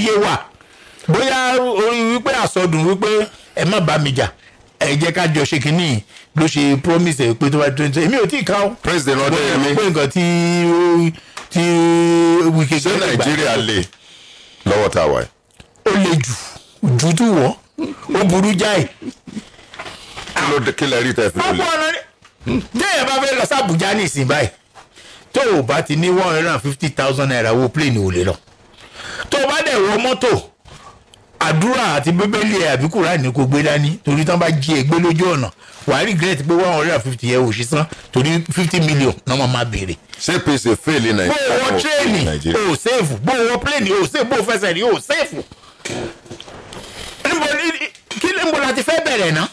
yé wà bóyá orí wípé àsọdùn wípé ẹ má bá mi jà ẹ jẹ́ ká jọ ṣe kínní ló ṣe promise ẹ pé tó bá twenty twenty èmi ò tí ì ká o. president ọdẹyẹmí pé nǹkan tí tí wike ṣe nàìjíríà lè lọ́wọ́ tá a wà. ó le jù jù tó wọ́ ó burú jáì. kí lè rí tẹ fi lè. ọ̀pọ̀ ọ̀rọ̀ bá fẹ́ lọ sí ní ìsìn báyìí tó o bá ti ní one hundred and fifty thousand naira wo plane ò lè lọ tó o bá dẹ̀ wọ mọ́tò àdúrà àti bíbélì ẹ̀ àbí kùránì kò gbé dání torí tán bá jí ẹ gbé lójú ọ̀nà wàá regret pé one hundred and fifty yẹn ò ṣe san torí fifty million náà máa máa béèrè. ṣé pèsè fail ní nàìjíríà bó wọ tírẹ́ẹ̀nì ò sèfù bó wọ pléènì ò sèfù bó fẹsẹ̀ rí ò sèfù. níbo kí níbo la ti fẹ́ bẹ̀rẹ̀ náà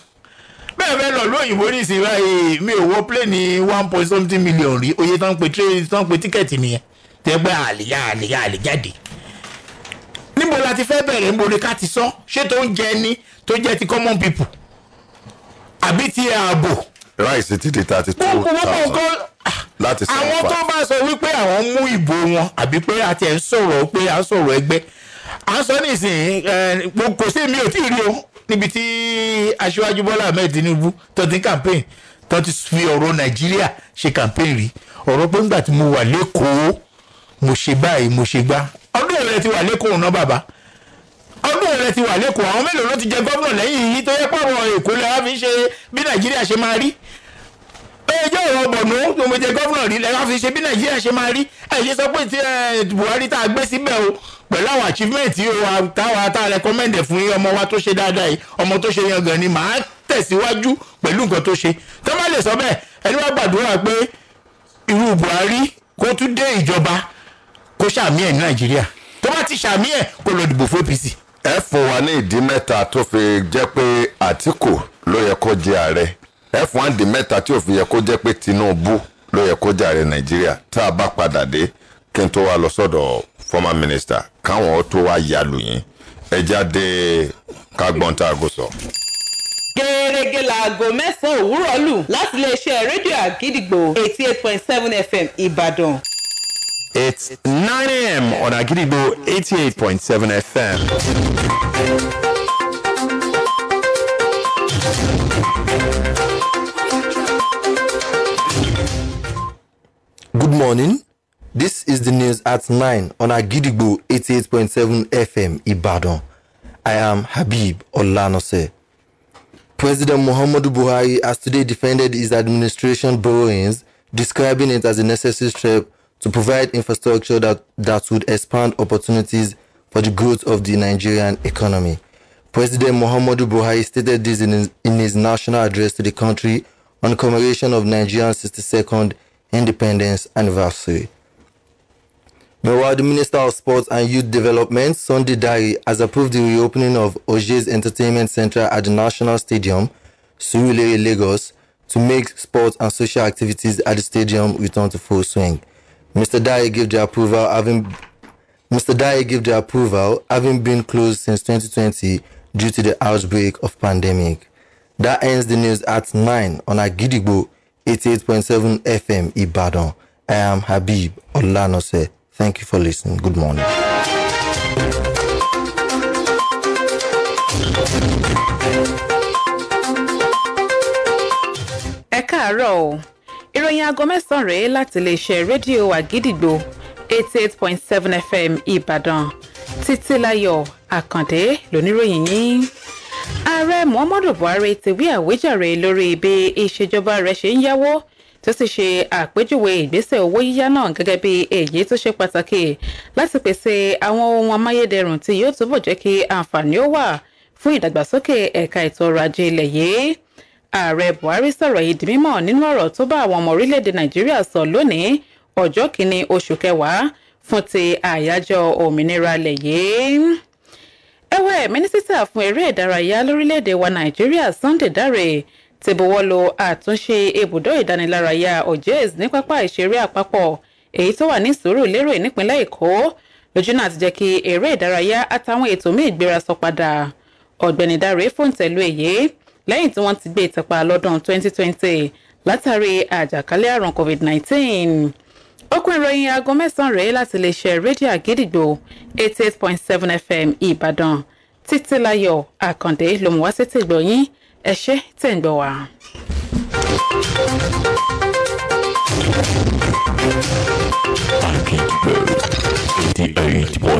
bẹ́ẹ̀ bẹ́ẹ̀ lọ lóyìnbó ní ìsìn báyìí mi ò wọ pléènì one point something million rí oye tán pé tíkẹ́ẹ̀tì nìyẹn tẹ́gbẹ́ àlè àlè àlè jáde níbo la ti fẹ́ bẹ̀rẹ̀ níbo ni ká ti sọ ṣé tó ń jẹ ní tó jẹ́ ti common people àbí ti ààbò. ráìsì títí ta ti thousand láti sọ àwọn tó bá sọ wípé àwọn mú ìbò wọn àbí pé a tiẹ̀ ń sọ̀rọ̀ pé a ń sọ̀rọ̀ ẹgbẹ́ à ń sọ nísìnyí kò sí mi ò tí ì rí o níbi tí aṣíwájú bọ́lá ahmed tinubu tó campaign tó fi ọ̀rọ̀ nàìjíríà ṣe campaign rí ọ̀rọ̀ pé ńgbà tí mo wà lẹ́kọ̀ọ́ mo ṣe báyìí mo ṣe gbá ọdún rẹ ti wà lẹ́kọ̀ọ́ náà bàbá ọdún rẹ ti wà lẹ́kọ̀ọ́ àwọn mélòó ló ti jẹ gómìnà lẹ́yìn yìí tó yẹ pọ̀rọ̀ èkó lẹ́wà fi ṣe bí nàìjíríà ṣe máa rí ẹjọ́ ọ̀rọ̀ bọ̀nú tó mo jẹ gómìnà rí lẹ́wà fi ṣe bí nàìjíríà ṣe máa rí ẹ̀yẹ sọ pé ti buhari tá a gbé síbẹ̀ o pẹ̀lú àwọn achievement yìí o táwa tá a recommend fún yín ọmọ wa tó ṣe dáadáa yìí ọmọ tó ṣe yangàn ni màá tẹ̀síwájú pẹ̀lú nǹkan tó ṣe tó má lè sọ bẹ́ẹ̀ ẹni wá gbàdúrà pé irú buhari kó tún dé ìjọba kó ṣàmì ẹ̀ ní nàìjíríà tó bá ti ṣàmì ẹ̀ kó lọ dìbò fún apc. ẹ fún wa ní ìdí mẹ́ta tó fi jẹ́ pé àtìkù ló yẹ kó jẹ ààrẹ ẹ fún wa mẹ́ta tí ò fi yẹ kó jẹ́ pé tinubu ló yẹ kó jẹ ààrẹ nàìjíríà tá a bá padà dé kí n tó wa lọ sọ́dọ̀ former minister káwọn tó wa yàlù yín ẹ jáde kágbọ́n tá a gò sọ. gẹ́gẹ́ láago mẹ́sàn-án òwúrọ̀ lù láti iléeṣẹ́ rédíò àgídìgbò eighty eight point seven fm ìbàdàn. It's 9 a.m. on Agiribo 88.7 FM. Good morning. This is the news at 9 on Agidigbo 88.7 FM Ibadan. I am Habib Olanose. President Muhammadu Buhari has today defended his administration borrowings, describing it as a necessary step to provide infrastructure that, that would expand opportunities for the growth of the Nigerian economy. President Muhammadu Buhari stated this in his, in his national address to the country on commemoration of Nigeria's 62nd independence anniversary. Meanwhile, the Minister of Sports and Youth Development, Sunday Dari, has approved the reopening of Oje's Entertainment Center at the National Stadium, Surulere, Lagos, to make sports and social activities at the stadium return to full swing. Mr. Dyer gave the approval having Mr. Dyer gave the approval having been closed since 2020 due to the outbreak of pandemic. That ends the news at 9 on Agidigbo 88.7 FM Ibadan. I am Habib Olanose. Thank you for listening. Good morning. ẹ ìròyìn aago mẹ́sàn-án rèé láti iléeṣẹ́ rédíò àgídìgbò eighty eight point seven fm ìbàdàn títílayọ̀ àkàndé lóníròyìn yín ààrẹ muhammadu buhari ti wí àwíjàre lórí bí ìṣèjọba rẹ̀ ṣe ń yáwó tó sì ṣe àpéjúwe ìgbésẹ̀ owó yíyá náà gẹ́gẹ́ bí èyí tó ṣe pàtàkì láti pèsè àwọn ohun amáyédẹrùn tí yóò túbọ̀ jẹ́ kí àǹfààní ó wà fún ìdàgbàsókè ẹ̀ka ètò ọrọ̀ ajé ilẹ̀ yìí ààrẹ buhari sọ̀rọ̀ yìí di mímọ̀ nínú ọ̀rọ̀ tó bá àwọn ọmọ orílẹ̀-èdè nàìjíríà sọ lónìí ọjọ́ kìíní oṣù kẹwàá fún ti àyájọ́ òmìnira ilẹ̀ yìí. ẹ̀wẹ̀ mínísítà fún eré ìdárayá lórílẹ̀-èdè wa nàìjíríà sunday dáre ti buwọ́ lu àtúnṣe ibùdó ìdánilárayá ojez ní pápá ìṣeré àpapọ̀ èyí tó wà ní sùúrù lérò nípínlẹ̀ èkó lójúnà àti jẹ́ kí eré ìdárayá àtàwọn ètò míì gbéra sọ padà ọ̀gbẹ́ni dáre èyí lẹ́yìn tí wọ́n ti gbé ìtẹ̀pa lọ́dún 2020 látàrí àjàkálẹ̀ àrùn covid-19 okùn ìròyìn aago mẹ́sàn-án rèé láti iléeṣẹ́ rédíò àgídìgbò 88.7 fm ìbàdàn títílayọ̀ àkàndé ló mú wá sí tìgbọ̀yìn ẹ ṣé tẹ̀ ń gbọ́ wá. àgídìgbò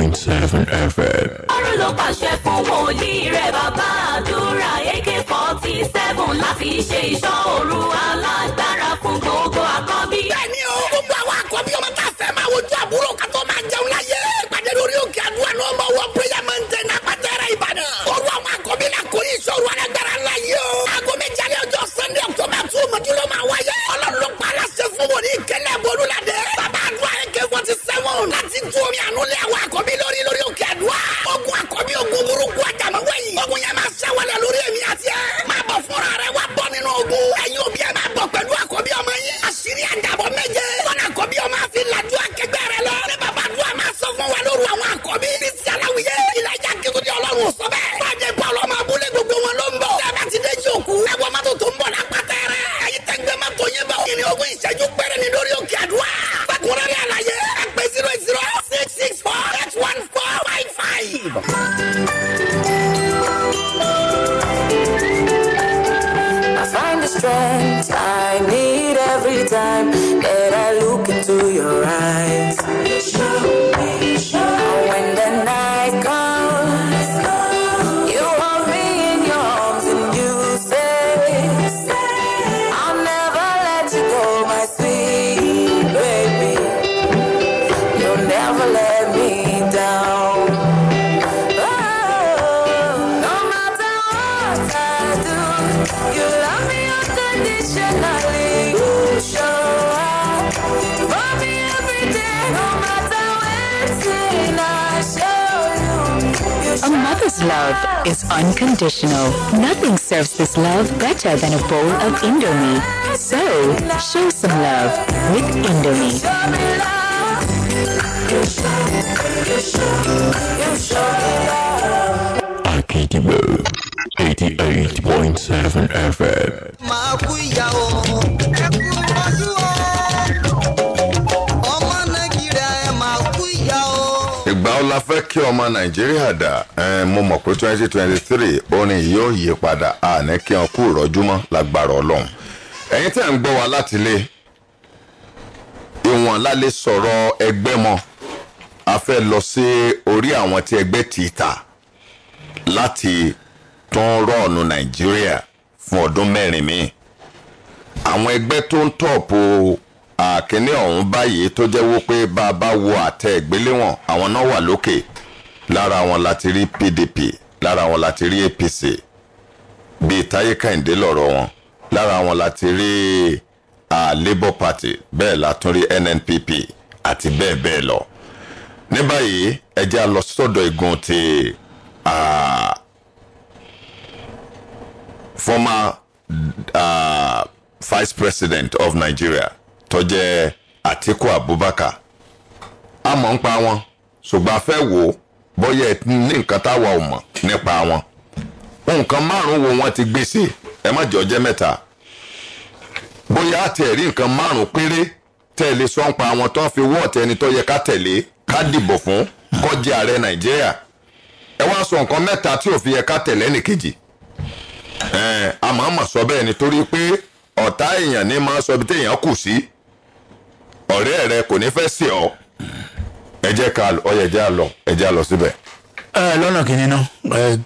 ló pàṣẹ fún wòlíì rẹ̀ bàbá àdúrà ak four seven la fi ṣe ìṣọ́ òru wa. unconditional. Nothing serves this love better than a bowl of Indomie. So, show some love ọmọ nàìjíríà dà mo mọ̀ pé twenty twenty three orin yìí yóò yí padà àní kí wọn kú ìrọ́júmọ́ lágbára ọlọ́run ẹ̀yin tẹ̀ ń gbọ́ wa láti ilé ìwọ̀n lálẹ́ sọ̀rọ̀ ẹgbẹ́ mọ́ a fẹ́ lọ sí orí àwọn tí ẹgbẹ́ ti ta láti tún rọ́ọ̀nù nàìjíríà fún ọdún mẹ́rin mi àwọn ẹgbẹ́ tó ń tọ̀pù àkíní ọ̀hún báyìí tó jẹ́ wó pé bá a bá wo àtẹ ìgbéléwọ̀n àwọn náà wà lókè lára wọn láti rí PDP lára wọn láti rí APC bíi Táyé Kẹ́hìndé lọ́rọ̀ wọn lára wọn láti rí uh, Labour Party bẹ́ẹ̀ látún rí NNPP àti bẹ́ẹ̀ bẹ́ẹ̀ lọ ní báyìí ẹ jẹ́ a lọ sọ́dọ̀ igun ti former uh, vice president of Nigeria tó jẹ́ Atiku Abubakar a mọ̀ ń pa wọn ṣùgbọ́n a fẹ́ wò ó bóyá ẹ ní nǹkan táwa ò mọ̀ nípa wọn nǹkan márùn-ún wo ti gbé sí ẹ má jọ jẹ́ mẹ́ta bóyá àti ẹ̀rí nǹkan márùn-ún péré tẹ̀lé sọ́npa fi wọ́ ọ̀tẹ̀ ẹni tó yẹ ká tẹ̀lé ká dìbò fún kó ààrẹ nàìjíríà ẹ wá sọ nǹkan mẹ́ta tí ò fi yẹ ká tẹ̀lé ẹnìkejì àmọ́mọ́ sọ bẹ́ẹ̀ nítorí pé ọ̀tá èèyàn ní máa sọ bí téèyàn kù sí ọ̀rẹ́ rẹ kò ní fẹ́ sí ẹ jẹ́ ká ọ yẹ jẹ́ àlọ ẹ jẹ́ àlọ síbẹ̀. lọ́nà kìíní náà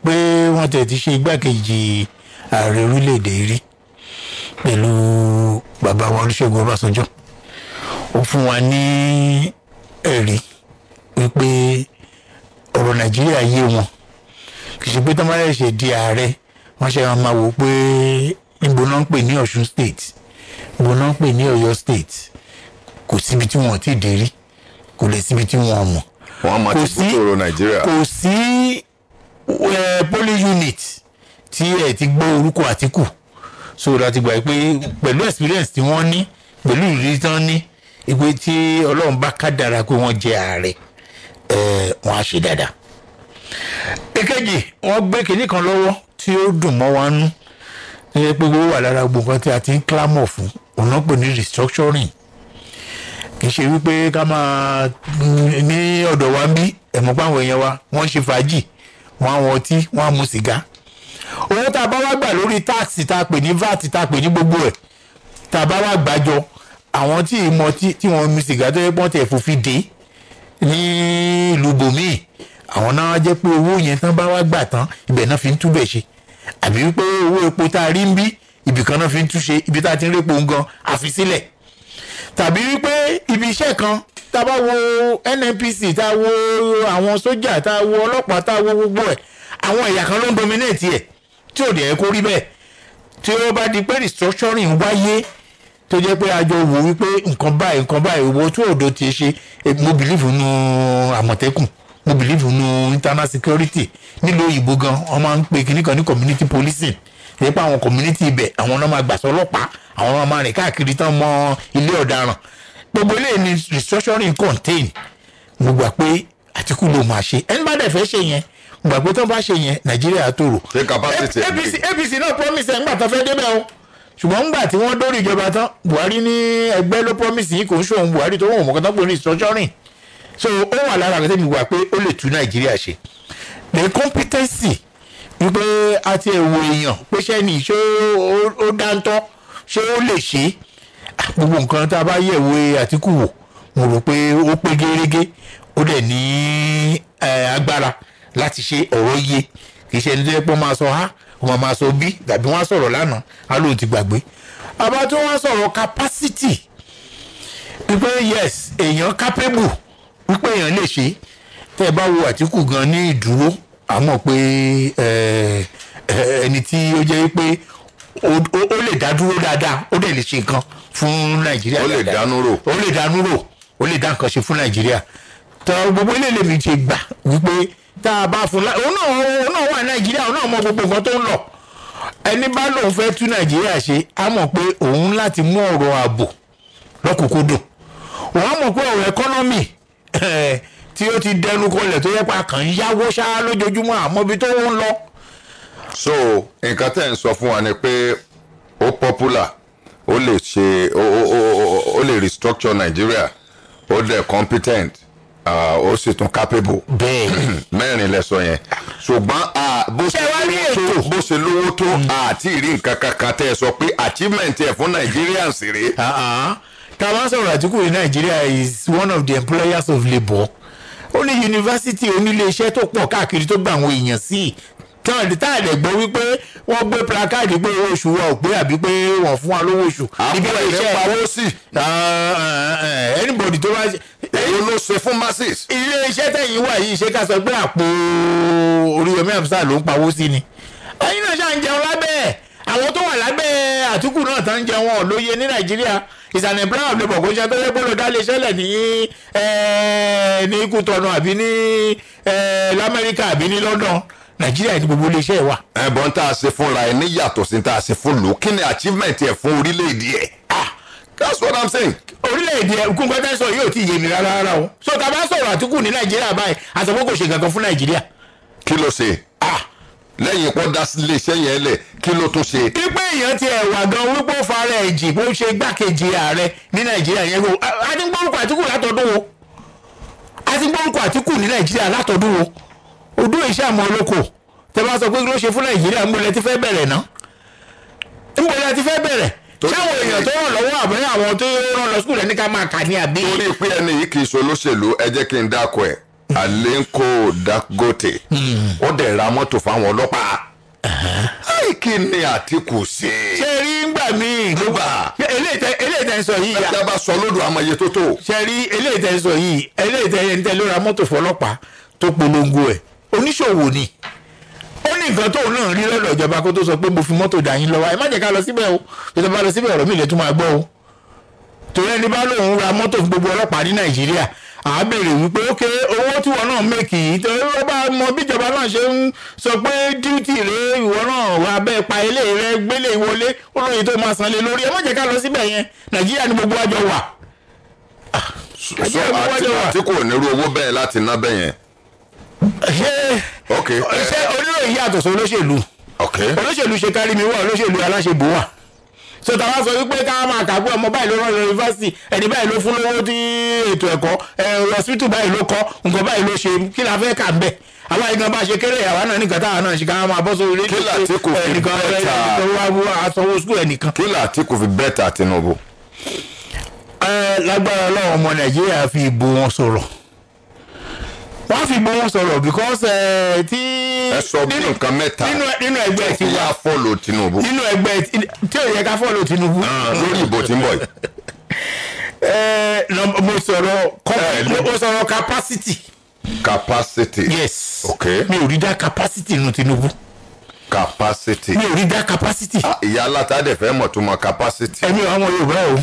pé wọ́n tẹ̀ ti ṣe igbákejì ààrẹ orílẹ̀-èdè rí pẹ̀lú bàbá wa olùṣègùn ọbásanjọ́ ó fún wa ní ẹ̀rí wípé ọ̀rọ̀ nàìjíríà yé wọn kì í ṣe pé tọ́mọ́ ẹ̀ṣẹ̀ di ààrẹ wọ́n ṣe máa wò pé níbo náà ń pè ní ọ̀ṣun state níbo náà ń pè ní ọ̀yọ́ state kò síbi tí wọ́n ti dé rí kò lè síbi tí wọ́n mọ̀ kò sí kò sí polling unit tí ẹ ti gbọ́ orúkọ Àtíkù so láti gbà pé pẹ̀lú experience tí wọ́n ní pẹ̀lú ìrírí tí wọ́n ní ìpè tí Ọlọ́run bá kádàrá pé wọ́n jẹ ààrẹ wọn á ṣe dáadáa èkejì wọ́n gbé kinní kan lọ́wọ́ tí ó dùn mọ́ wa nú ní pé gbogbo wà lára gbogbo nǹkan tí a ti ń clamor fún òun pè ní restructuring kì í ṣe wípé ká máa mm, ní ọ̀dọ̀ wa ń bí ẹ̀mọ́ páwọn èèyàn wa wọ́n ṣe fàájì wọ́n á wọn ọtí wọ́n á mu sìgá owó tá a bá wá gbà lórí táàsì tá a pè ní vat tá a pè ní gbogbo ẹ̀ tá a bá wá gbàjọ àwọn tí ìmọ̀ tí wọ́n mu sìgá tó yẹ pọ́n tẹ̀ fòfin dé ní ìlú bòmíì àwọn náà jẹ́ pé owó yẹn tán bá wá gbà tán ibẹ̀ náà fi ń túbẹ̀ ṣe àbí wípé owó epo tá a rí ń bí ibìkan náà fi ń túṣe ibi tá a ti ń répo ń gan àfi sílẹ̀ tàbí wípé ibi iṣẹ́ kan tá a bá wo NNPC tá a wo àwọn sójà tá a wo ọlọ́pàá tá a wo gbogbo ẹ̀ àwọn ẹ̀yà kan ló ń dominate ẹ̀ tí ò dẹ̀ kó rí bẹ́ẹ̀ tí ó bá di pé restructuring wáyé tó jẹ́ pé àjọ wò wípé nǹkan báyìí nǹkan báyìí owó tí òdo ti ṣe mo believe nu àmọ̀tẹ́kùn mo believe nu internal security nílùú òyìnbó gan wọ́n máa ń pe kinní ní community policing èyí pa àwọn community ibẹ̀ àwọn náà máa gbàsọ ọlọ́pàá àwọn náà máa rìn káàkiri tán mọ ilé ọ̀daràn gbogbo eléyìí ni restructuring contain mo gbà pé àtìkù ló máa ṣe ẹni bá dẹ̀ fẹ́ ṣe yẹn mo gbà pé tó bá ṣe yẹn nàìjíríà tòrò apc náà promise ẹ̀ ńgbà tó fẹ́ débẹ̀ o ṣùgbọ́n ńgbà tí wọ́n dórí ìjọba tán buhari ní ẹgbẹ́ ló promise yìí kò ń ṣòun buhari tó wọ̀n mọ̀kàn tán pé restructuring so ó wà lára àgbẹ̀tẹ̀ mi wà pé ó lè tú nàìjíríà ṣe the competency wípé a ti èwo èèyàn pé sẹ́ni ṣé ó dáńtọ́ ṣé ó lè ṣe gbogbo nǹkan tá a bá yẹ̀wò àtìkù wò mo rò pé ó pé gérégé ó dẹ̀ ní agbára láti ṣe ọ̀rọ̀ yé kì í ṣe ẹni tó yẹ pé wọ́n máa sọ a wọ́n máa sọ bí tàbí wọ́n á sọ̀rọ̀ lánàá a lóò ti gbàgbé àbá tí wọ́n á sọ̀rọ̀ capacity wípé yes èèyàn capable wípé èèyàn lè ṣe tẹ́ ẹ bá wo àtìkù gan ní ìdúró àmọ́ pé ẹni tí ó jẹ́ pé ó lè dá dúró dáadáa ó dẹ̀ lè ṣe nǹkan fún nàìjíríà dáadáa ó lè dánú rò ó lè dánú rò ó lè dá nǹkan ṣe fún nàìjíríà tọ́ gbogbo ilé lèmi ṣe gbà wípé tá a bá fún la òun náà òun náà wà nàìjíríà òun náà mọ gbogbo nǹkan tó ń lọ ẹni bá lòun fẹ́ tú nàìjíríà ṣe á mọ̀ pé òun láti mú ọ̀rọ̀ ààbò lọ́kùnkúndùn òun á mọ̀ pé ọ̀rọ̀ ẹkọ́nọ́mì tí ó ti dẹnu kọlẹ̀ tó yẹ pa kàn yáwó ṣáá lójoojúmọ́ àmọ́ ibi tó ń lọ. so nǹkan tẹ́ ń sọ fún wa ni pé ó popular ó lè ṣe ó lè restructure Nigeria ó dẹ̀ competent ó sì tún capable. bẹ́ẹ̀ mẹ́rin lẹ sọ yẹn ṣùgbọ́n bó ṣe lówó tó bó hmm. ṣe lówó tó àti ìrí nǹkan kankan tẹ́ sọ pé achievement ẹ̀ fún Nigerians rèé. Ah, ah. tàbá sọ̀rọ̀ àtìkù ní Nigeria is one of the employers of labour ó ní yunifásitì oníléeṣẹ́ tó pọ̀ káàkiri tó gba àwọn èèyàn sí i tán tá a lè gbọ́ wípé wọ́n gbé placard pé owó oṣù wa ò pé àbí pé wọ́n fún wa lówó oṣù. àpò ẹ̀rẹ́ pawó sí. Ah, ah, ah, eh, anybody tó bá ṣe. èyí ló ṣe fún masses. ilé iṣẹ́ tẹ̀yìn wà yìí ṣe ká sọ pé àpò Oríyọmí Hamzat ló ń pawó sí ni. ẹ̀yin náà ṣáà lábẹ́ ẹ̀ àwọn tó wà lábẹ́ àtúkù náà tán ń wọn lóye ní nàìjíríà ìsàlẹ̀ plan of labour kò ṣe abẹ́rẹ́ gbọ́dọ̀ dá ṣẹlẹ̀ ní ní kútọ́nù àbí ní lamẹ́ríkà àbí ní london nàìjíríà ní gbogbo iléeṣẹ́ wa. ẹ̀bọ̀n tá a ṣe fúnra ẹ ní sí tá a ṣe fún lò kí ni achievement ẹ̀ fún orílẹ̀-èdè ẹ̀. Ah, that's what i'm saying. orílẹ̀-èdè ẹ̀ kún pẹ́ẹ́tẹ́ sọ yóò ti yé mi rárá rárá o. so tá a bá sọ̀rọ̀ àtúkù ní nàìjíríà báyìí àtọ̀pọ̀ kò ṣe kankan fún nàìjíríà. kí ló ṣe. ah lẹ́yìn kó dá iléeṣẹ́ yẹn lẹ̀ kí ló tó ṣe. pípé èèyàn ti ẹ̀wà gan wípé ó fara ẹ̀jì bó ṣe gbákejì ààrẹ ní nàìjíríà yẹn wò á ti ń gbórúkọ àtìkù látọdún wo á ti ń gbórúkọ àtìkù ní nàìjíríà látọdún wo odó iṣẹ́ àmọ́ olóko tẹ bá sọ pé kí ló ṣe fún nàìjíríà ńbọ̀lẹ́ ti fẹ́ bẹ̀rẹ̀ ná ńbọ̀lẹ́ ti fẹ́ bẹ̀rẹ̀ sáwọn èèyàn tó ràn lọ́wọ́ àbúrò àwọn tó rán lọ sùkúl alenko dangote hmm. ó dẹ̀ ra mọ́tò fáwọn ọlọ́pàá uh-huh. kí ni àtìkù ṣe. ṣe rí ngbà míì. lóba. eléyìí tẹ eléyìí tẹ ń sọ yìí. ẹja bá sọ lódò àmọye tó tó. ṣe rí eléyìí tẹ ń sọ yìí eléyìí tẹ ń tẹ ló ra mọ́tò fọlọ́pàá tó polongo ẹ̀ oníṣòwò ni ó ní nǹkan tóun náà rí lọ́dọ̀ ìjọba kó tó sọ pé mo fi mọ́tò dà yín lọ́wọ́ ẹ má jẹ́ ká lọ síbẹ̀ o tó bá lọ síbẹ̀ ọ̀rọ̀ mi lè tún máa gbọ́ o torí ẹni bá lóun ra mọ́tò fún gbogbo ọlọ́pàá ní nàìjíríà à á béèrè wípé ókè owó tí wọn náà mèkì yìí tó ẹ bá mọ bíjọba náà ṣe ń sọ pé díútì rẹ ìwọ náà wà bẹ́ẹ̀ pa ilé rẹ gbélé ìwọlé olóyè tó máa sanlé lórí ẹ má jẹ́ ká lọ síbẹ̀ yẹn nàìjíríà ni gbogbo àjọ wà. Ah, so àti kò nírú owó bẹ́ẹ̀ láti ná bẹ́ẹ̀ yẹn. ṣé oníròyìn yàtọ̀ sí olóṣèlú olóṣèlú ṣe kárí mi wà olóṣèlú aláṣẹ bò wà so tàwa sọ wípé ká máa kà pé ọmọ báyìí ló rán yunifásitì ẹni báyìí ló fún lówó tí ètò ẹ̀kọ́ hospital báyìí ló kọ́ nǹkan báyìí ló ṣe kí la fẹ́ kà ń bẹ̀ àwa yìí gan bá ṣe kéré àwa náà nìkan táwa náà ṣe ká máa bọ́ sórí rédíò ẹnìkan ẹnìkan wá wá asanwó skul ẹnìkan. kí là tí kò fi bẹ́ẹ̀ ta Tinubu. ẹ lágbára ọlọ́run ọmọ Nàìjíríà fi ìbò wọn sọ̀rọ̀ wọ́n fi gbowó sọ̀rọ̀ because ẹ eh, ti. ẹ sọ bí nǹkan mẹ́ta nínú ẹgbẹ́ ti wá fọ́lọ̀ Tinubu nínú ẹgbẹ́ tí ò yẹ ká fọ́lọ̀ Tinubu. Ah, lórí ìbò tí ń bọ̀ yìí. Eh, mo sọ̀rọ̀ eh, mo sọ̀rọ̀ capacity. capacity yes okay mi ò rí dá capacity nínú Tinubu capacity. mi ò rí dá capacity. Ah, ìyá alátàdé fẹ́ mọ̀ tó mọ capacity. ẹ̀mí àwọn Yorùbá o.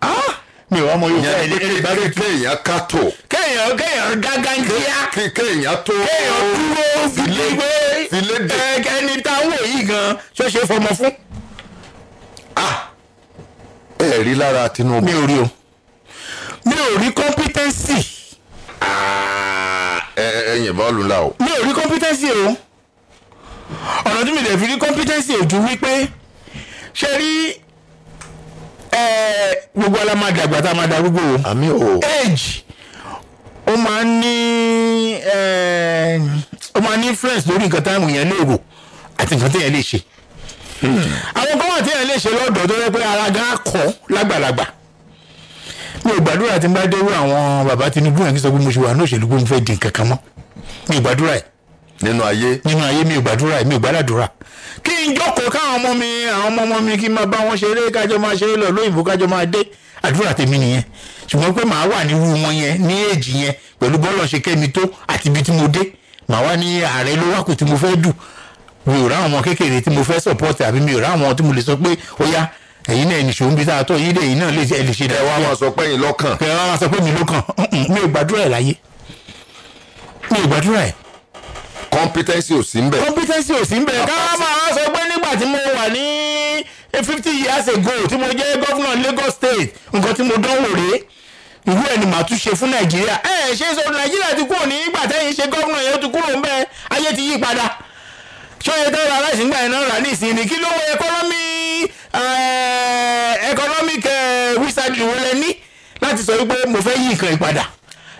ah mi ò wá mọ yorùbá ẹni ẹni bá rí. kéèyàn kátó. kéèyàn kéèyàn gágájíá. kéèyàn tó. kéèyàn dúró filégbé. filégbé. ẹni tá a wò yìí gan ṣó ṣe fọmọ fún. ẹ rí lára Tinubu. mi ò rí o mi ò rí competency. ẹ ẹ yẹn bọ́ọ̀lù ńlá o. mi ò rí competency o ọ̀nà tí mi lè fi rí competency ò ju wípé ṣe rí gbogbo ala máa dàgbà tá a máa darúgbó o. àmì o. age ó máa ń ní eh, ó máa ń ní influence lórí nǹkan táwọn èèyàn lè rò àti nǹkan téèyàn lè ṣe. àwọn kan wà téèyàn lè ṣe lọ́dọ̀ tó yẹ pé ara gan akọ lágbàlagbà mi ò gbàdúrà tí n bá dérú àwọn bàbá Tinubu yẹn kí n sọ pé mo ṣe wà ní òṣèlú pé mo fẹ́ di nǹkan kan mọ́ mi ò gbàdúrà yìí nínú ayé. nínú ayé mi ò gbàdúrà mi ò gbàdàdúrà. kí n jókòó káwọn ọmọ mi àwọn ọmọ ọmọ mi kí n máa bá wọn ṣeré kájọ máa ṣeré lọ lóyìnbó kájọ máa dé àdúrà tèmi nìyẹn ṣùgbọ́n pé màá wà nírú wọn yẹn ní èjì yẹn pẹ̀lú bọ́ọ̀lù ṣe kẹ́mi tó àti ibi tí mo dé màá wà ní ààrẹ ló wà kù tí mo fẹ́ dù mi ò ráwọn ọmọ kékeré tí mo fẹ́ support àbí mi ò ráwọn tí mo lè sọ pé ó yá ẹ̀yin náà nìṣó ń bí sáà tó yín lè náà lè ṣe dáadáa. ẹ wá máa sọ pé yín lọ́kàn. ẹ wá máa sọ pé mi lọ́kàn mi ò gbàdúrà ẹ̀ láyé mi ò gbàdúrà ẹ̀ competency ò sí ń competency ò sí ń bẹ̀ ah. ká máa sọ pé nígbà tí mo wà ní fifty years ago tí mo jẹ́ gọ́fúnà Lagos state nǹkan tí mo dánwò rèé ìwé ẹni màá tún ṣe fún nàìjíríà ẹ ẹ ṣe sọ nàìjíríà ti kúrò ní ìgbà tẹ́yìn ṣe gómìnà yẹn ó ti kúrò ńbẹ ayé ti yí padà ṣóye tó ra aláìsí gbà iná rà nísìnyí kí ló wọ ẹkọnọmí economic research wo lẹ ní láti sọ wípé mo fẹ́ yí nǹkan ìpadà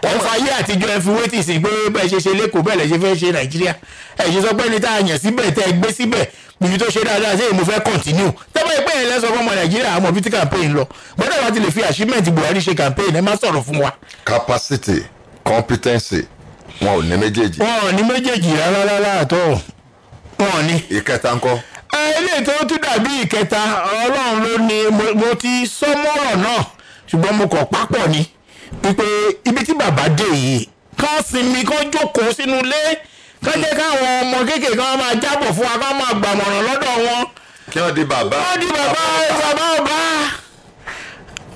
ẹ fa ayé àtijọ́ ẹ fi wétí sí pé bẹ́ẹ̀ ṣe ṣe lẹ́kọ̀ọ́ bẹ́ẹ̀ lẹ́ ṣe fẹ́ ṣe nàìjíríà ẹ ṣe sọ pé ní tá a yàn síbẹ̀ tẹ́ ẹ gbé síbẹ̀ ibi tó ṣe dáadáa sí èyí mo fẹ́ kọ̀ntínú tẹ́lẹ̀ pé ẹ lẹ́sọ̀ fọmọ nàìjíríà àmọ́ bí ti campaign lọ gbọ́dọ̀ wá ti lè fi achievement buhari ṣe campaign ẹ má sọ̀rọ̀ fún wa. capacity competency wọn ò ní méjèèjì. wọn ò ní méjèèjì rárá rárá àtọ wọn ò ìkẹta ńkọ́. ilé tó tún dàbí ìkẹta ọlọ́run ló ní mo ti sọ́mọ́rọ̀ náà ṣùgbọ́n mo kọ̀ pápọ̀ ni pípé ibi tí bàbá dé yìí kán sinmi kán jókòó sínú ilé kán jẹ́ káwọn ọmọ kéékèèké wọn máa jábọ̀ fún wa kán máa gbàmọ̀ràn lọ́dọ̀ wọn. kí wọ́n di bàbá wọ́n di bàbá bàbá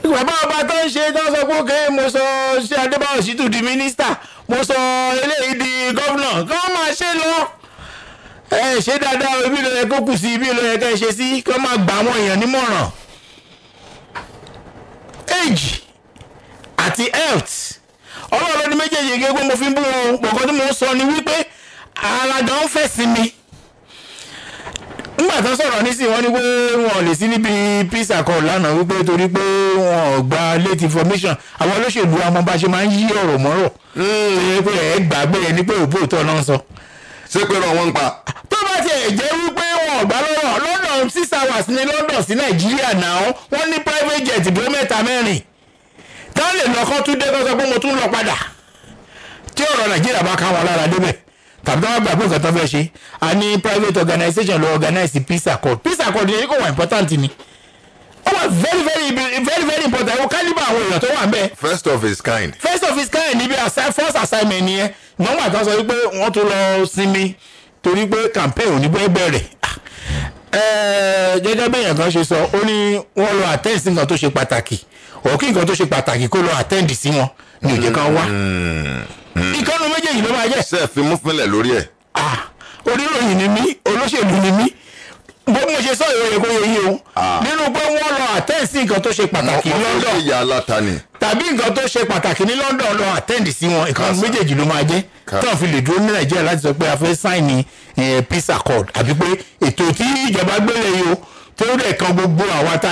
ọba bàbá ọba tó ń ṣe tó ń sọ pé òkè mo sọ ṣé adébáyọ̀ ṣìtù di mínísítà mo sọ eléyìí di gómìnà kán máa ṣe lọ ẹ ṣe dáadáa ibi ló yẹ kó kù sí ibi ló yẹ ṣe sí kán máa gbà àwọn èèyàn nímọ̀ràn. èjì àti health ọlọ́run ní méjèèjì gẹ́gẹ́ mo fi ń bú pọ̀kọ́ tí mo ń sọ ni wípé ara gan fẹ̀ mi nígbà tó sọ̀rọ̀ nísìnyí wọ́n ní pé wọ́n lè sí níbi peace accord lánàá wípé torí pé wọn gba late information àwọn olóṣèlú amọ̀ bá ṣe máa ń yí ọ̀rọ̀ mọ́rọ̀ wípé six jet mẹ́ta tán lè lọ kán tún dé kán sọ pé mo tún lọ padà tí ọ̀rọ̀ nàìjíríà bá káwọn lára débẹ̀ tàbí wọn gbàgbé nǹkan tó fẹ́ ṣe a ní private organization ló organize peace accord peace accord yẹn kò wà important ni ó wà very very very very important ó kálíbà àwọn èèyàn tó wà ń bẹ. first of his kind. first of his kind níbi first assignment nìyẹn nọ́mbà kan sọ wípé wọ́n tún lọ sinmi torí pé campaign ò ní bẹ́ẹ̀ bẹ̀rẹ̀ gẹ́gẹ́ bí èèyàn kan ṣe sọ ó ní wọ́n lọ àtẹ́sí nǹkan tó ṣe pàtàkì ọ̀kí nǹkan tó ṣe pàtàkì kó lọ àtẹ́ǹdì sí wọn ni òjẹ́ kan wá. Hmm. ìkànnì méjèèjì ló máa jẹ́. ṣe é fi mú fúnlẹ̀ lórí ẹ̀. Ah, oníròyìn ni mí olóṣèlú ni mí bó mo ṣe sọ ìròyìn kò yẹ yí o ah. nínú pé wọ́n lọ àtẹ́ǹdì sí nǹkan tó ṣe pàtàkì ní London tàbí nǹkan tó ṣe pàtàkì ní London lọ àtẹ́ǹdì sí wọn ìkànnì méjèèjì ló máa jẹ́ tó fi lè dúró ní Nàìjíríà láti sọ pé a fẹ́ sáìnì eh, peace accord àbí pé ètò tí ìjọba gbélé yìí o tó rẹ̀ kan gbogbo àwa tá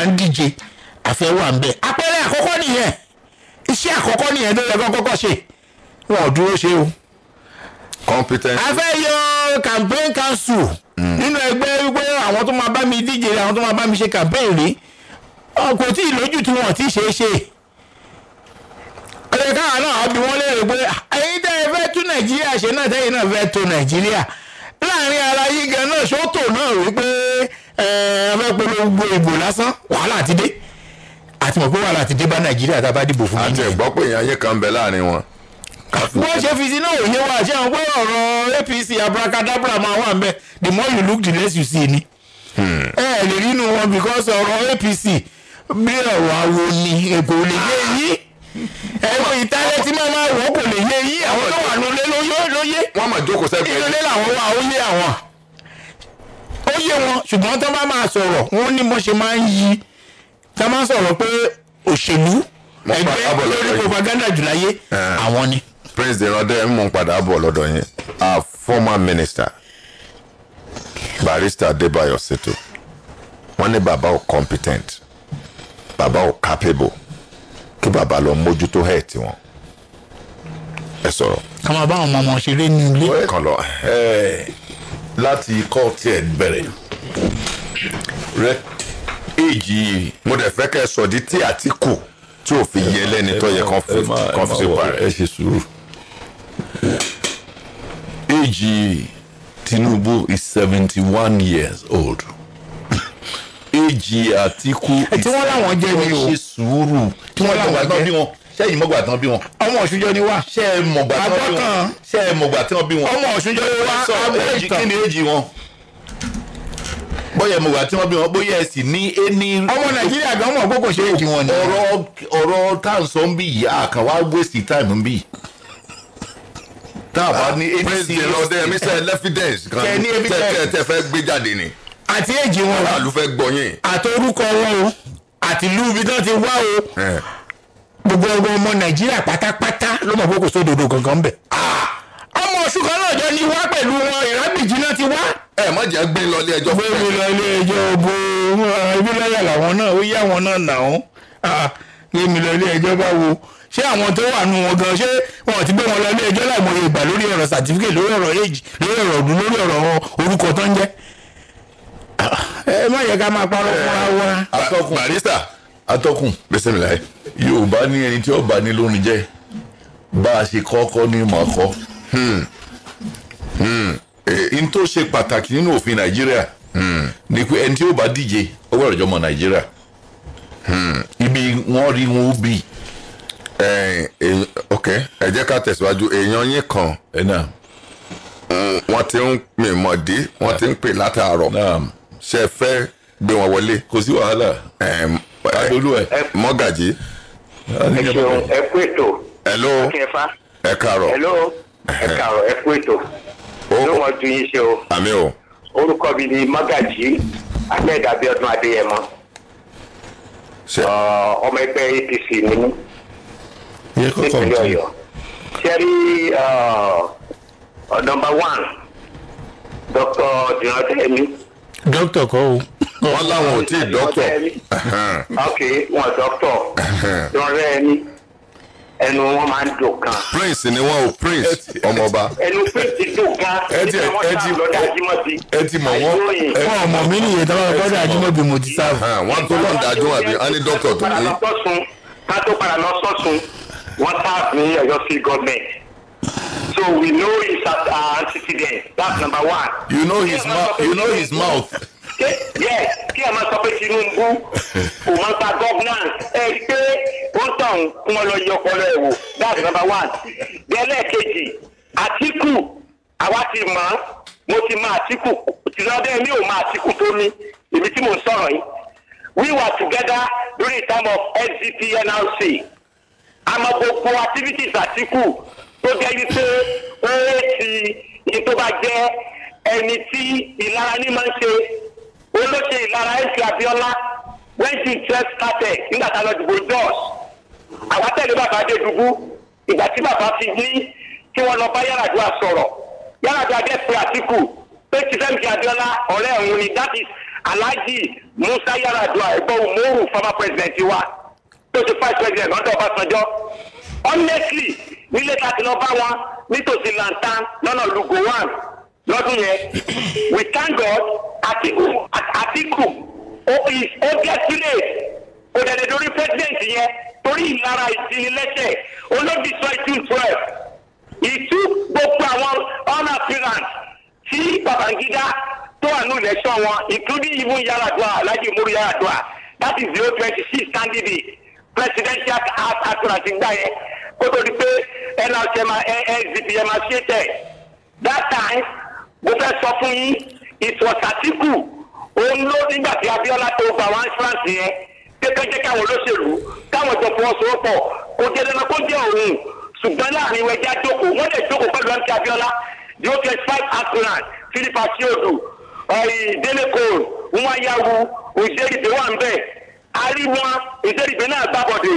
àfẹ́ wà ń bẹ̀. àpẹẹrẹ àkọ́kọ́ nìyẹn iṣẹ́ àkọ́kọ́ nìyẹn ló yẹ kọ́kọ́ ṣe wọn ò dúró ṣe o. competence. a fẹ́ yọ campaign council hmm. nínú ẹgbẹ́ wípé àwọn tó máa bá mi díje àwọn tó máa bá mi ṣe campaign rí kò tí ì lójú tí wọn ò tí ì ṣeé ṣe. ọ̀rẹ́ káwọn náà bí wọ́n léèrè pé ah, ẹ̀yin tẹ́ ẹ fẹ́ tún nàìjíríà ṣe náà tẹ́yìn náà fẹ́ tó nàìjíríà láàrin ara yín gan náà ṣó tò náà wípé ẹ eh, ẹ fẹ́ polongo ìbò lásán wàhálà ti dé àti mọ̀ pé wàhálà ti dé bá nàìjíríà tá a bá dìbò fún mi. àti ẹ̀gbọ́n pé ìyá ayé kan bẹ láàrin wọn. wọ́n ṣe fi sí òye wa àti àwọn pé ọ̀rọ̀ apc abracadabra máa wà mẹ́ the more you look the less you see ni. Hmm. ẹ ẹ lè rí inú wọn because ọ̀rọ̀ apc bí ọ̀rọ̀ awo ni èkó lè yé yín ẹ̀rọ ìtàlẹ̀ tí máa wọ́ kò lè yé yín àwọn tó wà nílé ló yé ló làwọn wà ó yé àwọn ó yé wọn ṣùgbọ́n tó bá máa sọ̀rọ̀ wọ́n ní mo ṣe máa ń yí tá a máa ń sọ̀rọ̀ pé òṣèlú ẹgbẹ́ lórí propaganda jù láyé àwọn ni. prince de ń mú un padà bọ̀ lọ́dọ̀ yẹn our former minister barrister Adébáyọ̀ Ṣètò wọ́n ní bàbá ò competent bàbá ò capable kí bàbá lọ mójútó ẹ̀ tiwọn ẹ sọ̀rọ̀. ká máa bá àwọn ọmọ ọmọ ṣeré ní ilé. ọ̀rẹ́ kan lọ láti kọ́ọ̀tì ẹ̀ bẹ̀rẹ̀ rẹ èjì yìí mo dẹ̀ fẹ́ kẹ́ ẹ sọ di tí àtìkù tí ò fi yẹ lẹ́ni tó yẹ kan fi kan fi sípa ẹ ṣe sùúrù. èjì Tinubu is seventy one years old èjì àtìkù is tí wọ́n làwọn jẹ́ mi o ṣe sùúrù tí wọ́n làwọn jẹ́ mi o sẹ́yìn mọ́gbà tán bí wọn. ọmọ ọ̀ṣunjọ ni wá. ṣé ẹ mọ̀gbà tán bí wọn. ṣé ẹ mọ̀gbà tán bí wọn. ọmọ ọ̀ṣunjọ ni wá. sọ èjì kí ni èjì wọn bóyá mo wà tí wọ́n bí wọn bóyá ẹ ní ẹni. ọmọ nàìjíríà gan mọ̀ kókò ṣe èjì wọn ni. ọ̀rọ̀ ọ̀rọ̀ tá ń bì yìí àkàn wá waste time ń bì. tá a bá ní ẹni sí ẹni ọdẹ mi sẹ evidence kan tẹ tẹ fẹ́ gbé jáde ni. àti èjì wọn o àlùfẹ́ gbọ̀yìn. àtọrúkọ wọn o àti ìlú ibi tó ti wá o gbogbo ọgbọ ọmọ nàìjíríà pátápátá ló mọ̀ kókò sódodo gangan bẹ̀. Ah! ọmọ ọ̀ṣun kan náà jọ ni wá pẹ̀lú wọn ìrábìjì náà ti wá ẹ mọ̀ jẹ́ gbé lọ ilé ẹjọ́ fún mi. gbé lọ ilé ẹjọ́ bo ibi lọ́yà làwọn náà ó yá wọn náà nà ó gbé mi lọ ilé ẹjọ́ báwo ṣé àwọn tó wà nù wọn gan ṣé wọn ti gbé wọn lọ ilé ẹjọ́ láìmọye ìgbà lórí ọ̀rọ̀ certificate lórí ọ̀rọ̀ age lórí ọ̀rọ̀ ọdún lórí ọ̀rọ̀ orúkọ tó ń jẹ́. ẹ má yẹ ká máa parọ́ fún wa. atọ́kùn barista atọ́kùn bisimilá yorùbá ní ẹni tí ó bá ní lónìí jẹ bá a ṣe kọ́kọ́ ní màkọ́. Hmm. Hmm. Eh, n tó ṣe pàtàkì nínú òfin nàìjíríà hmm, ni pé ẹni tí ó bá díje ó gbọ́dọ̀ jọmọ nàìjíríà hmm, ibi wọ́n rí wọn ó bì. Eh, eh, ok ẹ ká tẹ̀síwájú èèyàn yín kan hmm, wọ́n ti ń pè mọ̀dé wọ́n ti ń pè látàárọ̀ ṣe fẹ́ gbé wọn wọlé. kò sí wàhálà adolú ẹ mọ́gàjì. ẹ ṣeun ẹ kú ètò. ẹ ló ẹ fa. ẹ ẹ ẹ kú ètò. ló mọ ju yín o. àmì o. orúkọ mi ni magaji ahmed abiodun adeyemo. ọmọ ẹgbẹ́ apc ni mí. nípínlẹ̀ ọ̀yọ́. sẹ́rí nọmba one dr dinademi. dókítà kọ́ o. wọ́n láwọn ò tí ì dókítà. ok wọn dókítà dinademi ẹnu wọn máa ń dùn kan. prince ni wọn o prince ọmọọba. ẹnu prince dùn kan nígbà wọn sá lọ́dà ajímọ̀bí. ẹ ti mọ wọn. wọn ọmọ mi nìyẹn tí wọn lọ́dà ajímọ̀bí mo ti sáà. wọn tó lọ́dà ajímọ̀bí wọn ní dókítà tó ní. ká tó padà lọ sọ́sùn wọn sáà ní ọ̀yọ́ sí gọ́ọ̀mẹ̀ntì. So we know it's an uh, accident. That's number one. You know his mouth. You know his mouth yes kí ẹ máa sọ pé Tinubu kò máa gba governance ẹ rí i pé ó ń tàn kún ọ lọ yí ọpọlọ ẹ wò that's number one bẹ́ẹ̀lẹ̀ kejì Àtíkù àwa ti mọ̀ ọ́ mo ti mọ̀ Àtíkù tìlọ́dẹ́ mi ò mọ̀ Àtíkù tó ní èmi tí mò ń sọ̀rọ̀ yìí we were together during the time of SDP NLC àmọ́ gbogbo activities Àtíkù tó jẹ́ wípé ó ti ní tó bá jẹ́ ẹni tí ìlara ní máa ń ṣe ó ìlara mc abiola when she first nígbà tá a lọ dìbò dọ́ọ̀s àwọn tẹ̀lé bàbá dé dùbú ìgbà tí bàbá fi ní kí wọ́n lọ bá yàràdúrà sọ̀rọ̀ yàràdúrà dé pé àtìkù pé chief mc abiola ọ̀rẹ́ òun ni that is musa yàràdúrà ẹ̀gbọ́n umoru former president wa tó ti five president lọ́dọ̀ ọbásanjọ́ honestly nílé tá a ti lọ bá wọn nítòsí lantan lọ́nà lugowan lọ́dún yẹn we thank God. Atiku Atiku ó jẹ́ sílẹ̀ òdẹ̀dẹ̀ lórí president yẹn torí ìlara ìsinilẹ́sẹ̀ olódì sọ two twelve ìtú gbogbo àwọn all appearance tí Babangida tó wà ní election wọn including even Yaradua Alhaji Umaru Yaradua that is zero twenty six candidate presidential appearance gbà yẹn kó tó di pé nlc nsdp ẹ máa ṣe tẹ that time mo fẹ́ sọ fún yín ìfọ̀sàtìkù òun ló nígbà tí Abíọ́lá tó gba one france yẹn kékeré káwọn olóṣèlú káwọn jọ fọwọ́sowọ́pọ̀ kò jẹ́ dandan kó jẹ́ òun ṣùgbọ́n láàrin ìwé ẹja jókòó wọ́n lè jókòó pẹ̀lú mc Abíọ́lá the ops five aspirant Philip Asiodu ọ̀yìn eh, Dele Cole Nwayawu Ojeribe wà ń bẹ̀ àríwá Ojeribe náà gbàbọ̀dé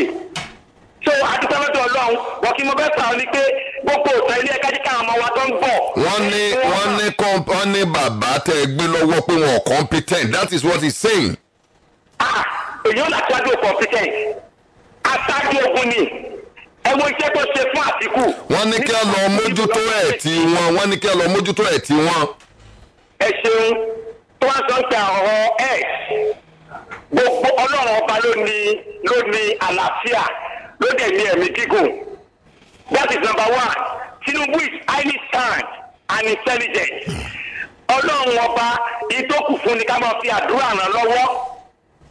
so adúpẹ́lọ́dọ̀ ọlọ́run wọ́n kí mo bẹ́ẹ̀ sàn ni pé gbogbo òtọ́ ilé ẹ̀ka jíkà àwọn ọmọ wa tó ń bọ̀. wọ́n ní wọ́n ní wọ́n ní bàbá tẹ́ ẹ gbé lọ́wọ́ pé wọn competent that is what he saying. ah èyí ò láti wájú competent aṣáájú ogun ni ẹ wo iṣẹ́ tó ṣe fún àtìkù. wọ́n ní kí ẹ lọ mójútó ẹ̀ tí wọ́n wọ́n ní kí ẹ lọ mójútó ẹ̀ tí wọ́n. ẹ ṣeun tó wá sọ ń pè ọ̀rọ̀ gbogbo ọlọ́run ọba ló ní ló ní àlàáfíà ló dẹ̀ ní ẹ̀mí kíkùn that is number one Tinubu is highly sound and intelligent ọlọ́run ọba ìtókù fún ni ká máa fi àdúrà ràn lọ́wọ́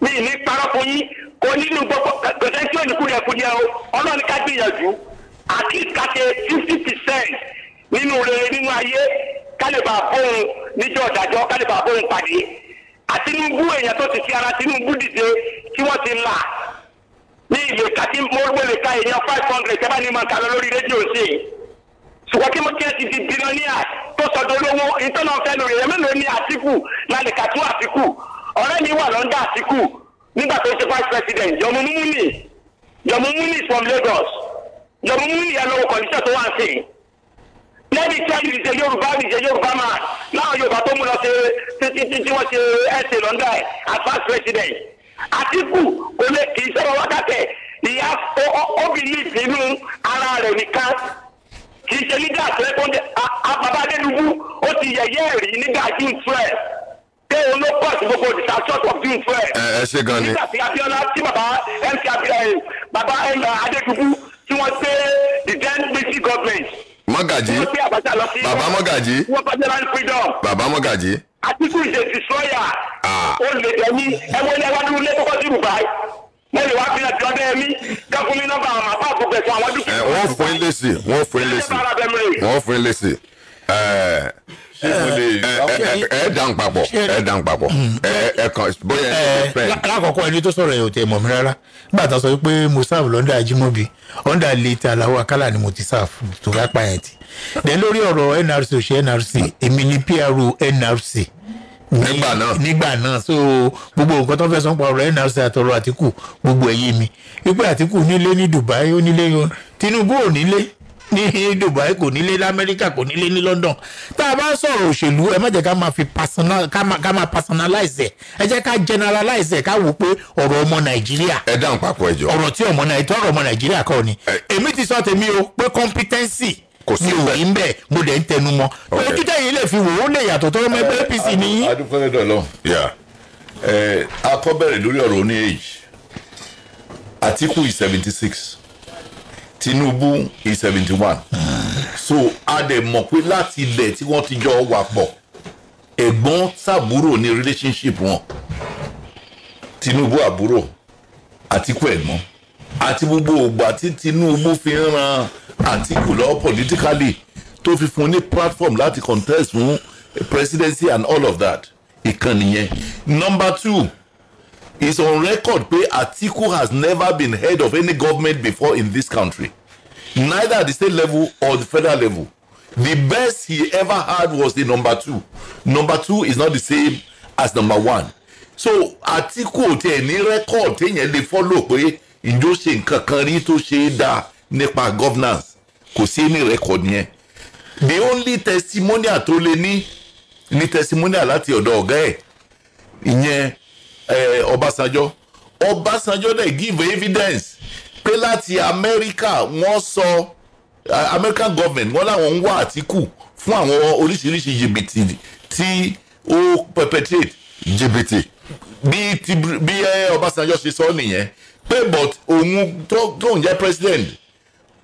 mi ní parọ́ fún yín kò nínú gbogbo kẹsẹ́ tí ò ní kúrẹ́kúrẹ́ o ọlọ́run ká gbìyànjú àti kàṣe fifty percent nínú rere nínú ayé kálíbà bóun níjọ́ ọ̀dàjọ́ kálíbà bóun pàdé àtinúbú èèyàn tó ti fi ara Tinubu dìde tí wọ́n ti là ní ìlú ìka tí mo wọlé ka èèyàn five hundred tẹ́bá ni mo kà lọ lórí rédíò sí i ṣùgbọ́n kí mo kí ẹ ti di bílíọ̀nìà tó sọdọ̀ olówó ìtọ́nà ọ̀fẹ́ lórí ẹ̀ mélòó ni àtìkù lálẹ́ kà tún àtìkù ọ̀rẹ́ mi wà lọ́ndà àtìkù nígbà tó ṣe vice president Yomi Muni Yomi Muni is from Lagos Yomi Muni yẹn lọ́wọ́ kọ̀ǹtíṣà tó wà ń sìn lẹ́ni tí ẹni ìṣe Yorùbá ìṣe Yorùbá máa láwọn Yorùbá tó mú lọ ṣe títí tí wọ́n ṣe ẹ̀ṣẹ̀ lọ́ndà as vice president àtìkù kò lè kì í sọ̀rọ̀ wákàtẹ́ ìyá ó bìlíf nínú ara rẹ̀ nìkan kì í ṣe nígbà tó ẹ kóńdé bàbá adédùgbù ó ti yẹ̀yẹ́ rí nígbà june twelve pé òun ló pọ̀ sí gbogbo ìta church of june twelve. ẹ ẹ ṣe gan ni. nígbà tí abiola tí bàbá mc abiola eh, bàbá adédùgbù tí wọ́n gbé the then british government. mọ́gàjí bàbá mọ́gàjí. wọ́n bá jẹ́ bàbá mọ́gàjí. Atiku is a destroyer. Ah. ó lè dẹ̀mí ẹwọ́n ilé wájú ilé kọ́kọ́ sí Dubai mo lè wá fi hàn jọ bẹ́ẹ̀ mi kẹ́kun mi nọ́mbà àwọn àbá àwọn dúkìá. Eh, wọ́n fún ilé sí wọ́n fún ilé sí wọ́n fún ilé sí. Eh, ẹ dàn papọ̀ ẹ dàn papọ̀ hmm. ẹ kàn bóyá ẹ fẹ́. lákọ̀ọ́kọ́ ẹni tó sọ̀rọ̀ yẹn ò tẹ̀ mọ̀ mi rárá nígbà tá a sọ pé mo lọ́ndà ajímọ́bi ọ̀ndà lẹ́tẹ̀ aláwọ̀ akálà ni mo ti sáàf tó bá pààyàn ti. dẹ̀ lórí ọ̀rọ̀ nrc ò ṣe nrc èmi ni pro nrc nígbà náà nígbà náà so gbogbo nǹkan tó fẹ́ sọ pa ọ̀rọ̀ nrc àtọ̀rọ̀ àtìkù gbogbo ẹ̀yẹ mi wípé àtìkù nílé ní dubai ó nílé tinubu ò nílé ní Dubai kò nílé lamẹ́ríkà kò nílé ní London tá a bá ń sọ̀rọ̀ òṣèlú ẹ má jẹ́ ká máa fi personal ká máa ká máa personalize ẹ̀ ẹ jẹ́ ká generalize ẹ̀ ká wò pé ọ̀rọ̀ ọmọ Nàìjíríà. ẹ dáhùn papọ̀ ẹ jọ. ọ̀rọ̀ tí ọmọ Nàìjíríà tọrọ ọmọ Nàìjíríà kọ́ ni èmi ti sọ tèmi o pé competency kò sí ìwé ń bẹ mo dẹ̀ ń tẹnu mọ́ ojú tẹ̀yìn lè fi wò ó lè yàtọ̀ tó mọ́ ẹgbẹ́ APC nìyí. adúpẹ́ dọ̀lọ́ akọ́bẹ̀rẹ̀ lórí ọ̀rọ̀ oní age Atiku is seventy six tinubu is seventy one so a dẹ̀ mọ̀ pé láti ilẹ̀ tí wọ́n ti jọ wà pọ̀ ẹ̀gbọ́n sàbúrò ní relationship wọn tinubu àbúrò àtikú ẹ̀gbọ́n àti gbogbo ògbà tí tinubu fi ń ran àtikú lọ́wọ́ politically tó fi fún un ní platform láti contest fún presidency and all of that ìkànnì yẹn number two is on record pé Atiku has never been head of any government before in this country neither at the state level or the federal level the best he ever had was the number two number two is not the same as number one so Atiku ò tiẹ̀ ní record téèyàn le follow pé ìjọ ṣe nǹkan kan rí tó ṣe é dáa governance kò sí any record yẹn the only testimonial tó lè ní ni testimonial láti ọ̀dọ̀ ọ̀gá ẹ̀ ìyẹn Eh, ọbásanjọ́ ọbásanjọ́ dẹ̀ give evidence pé láti amẹ́ríkà wọ́n sọ american government wọ́n láwọn ń wá àtìkù fún àwọn oríṣiríṣi jìbìtì tí ó perpetrate jìbìtì bí ti bí eh, ọbásanjọ́ ṣe sọ nìyẹn pé but òun tóun jẹ́ president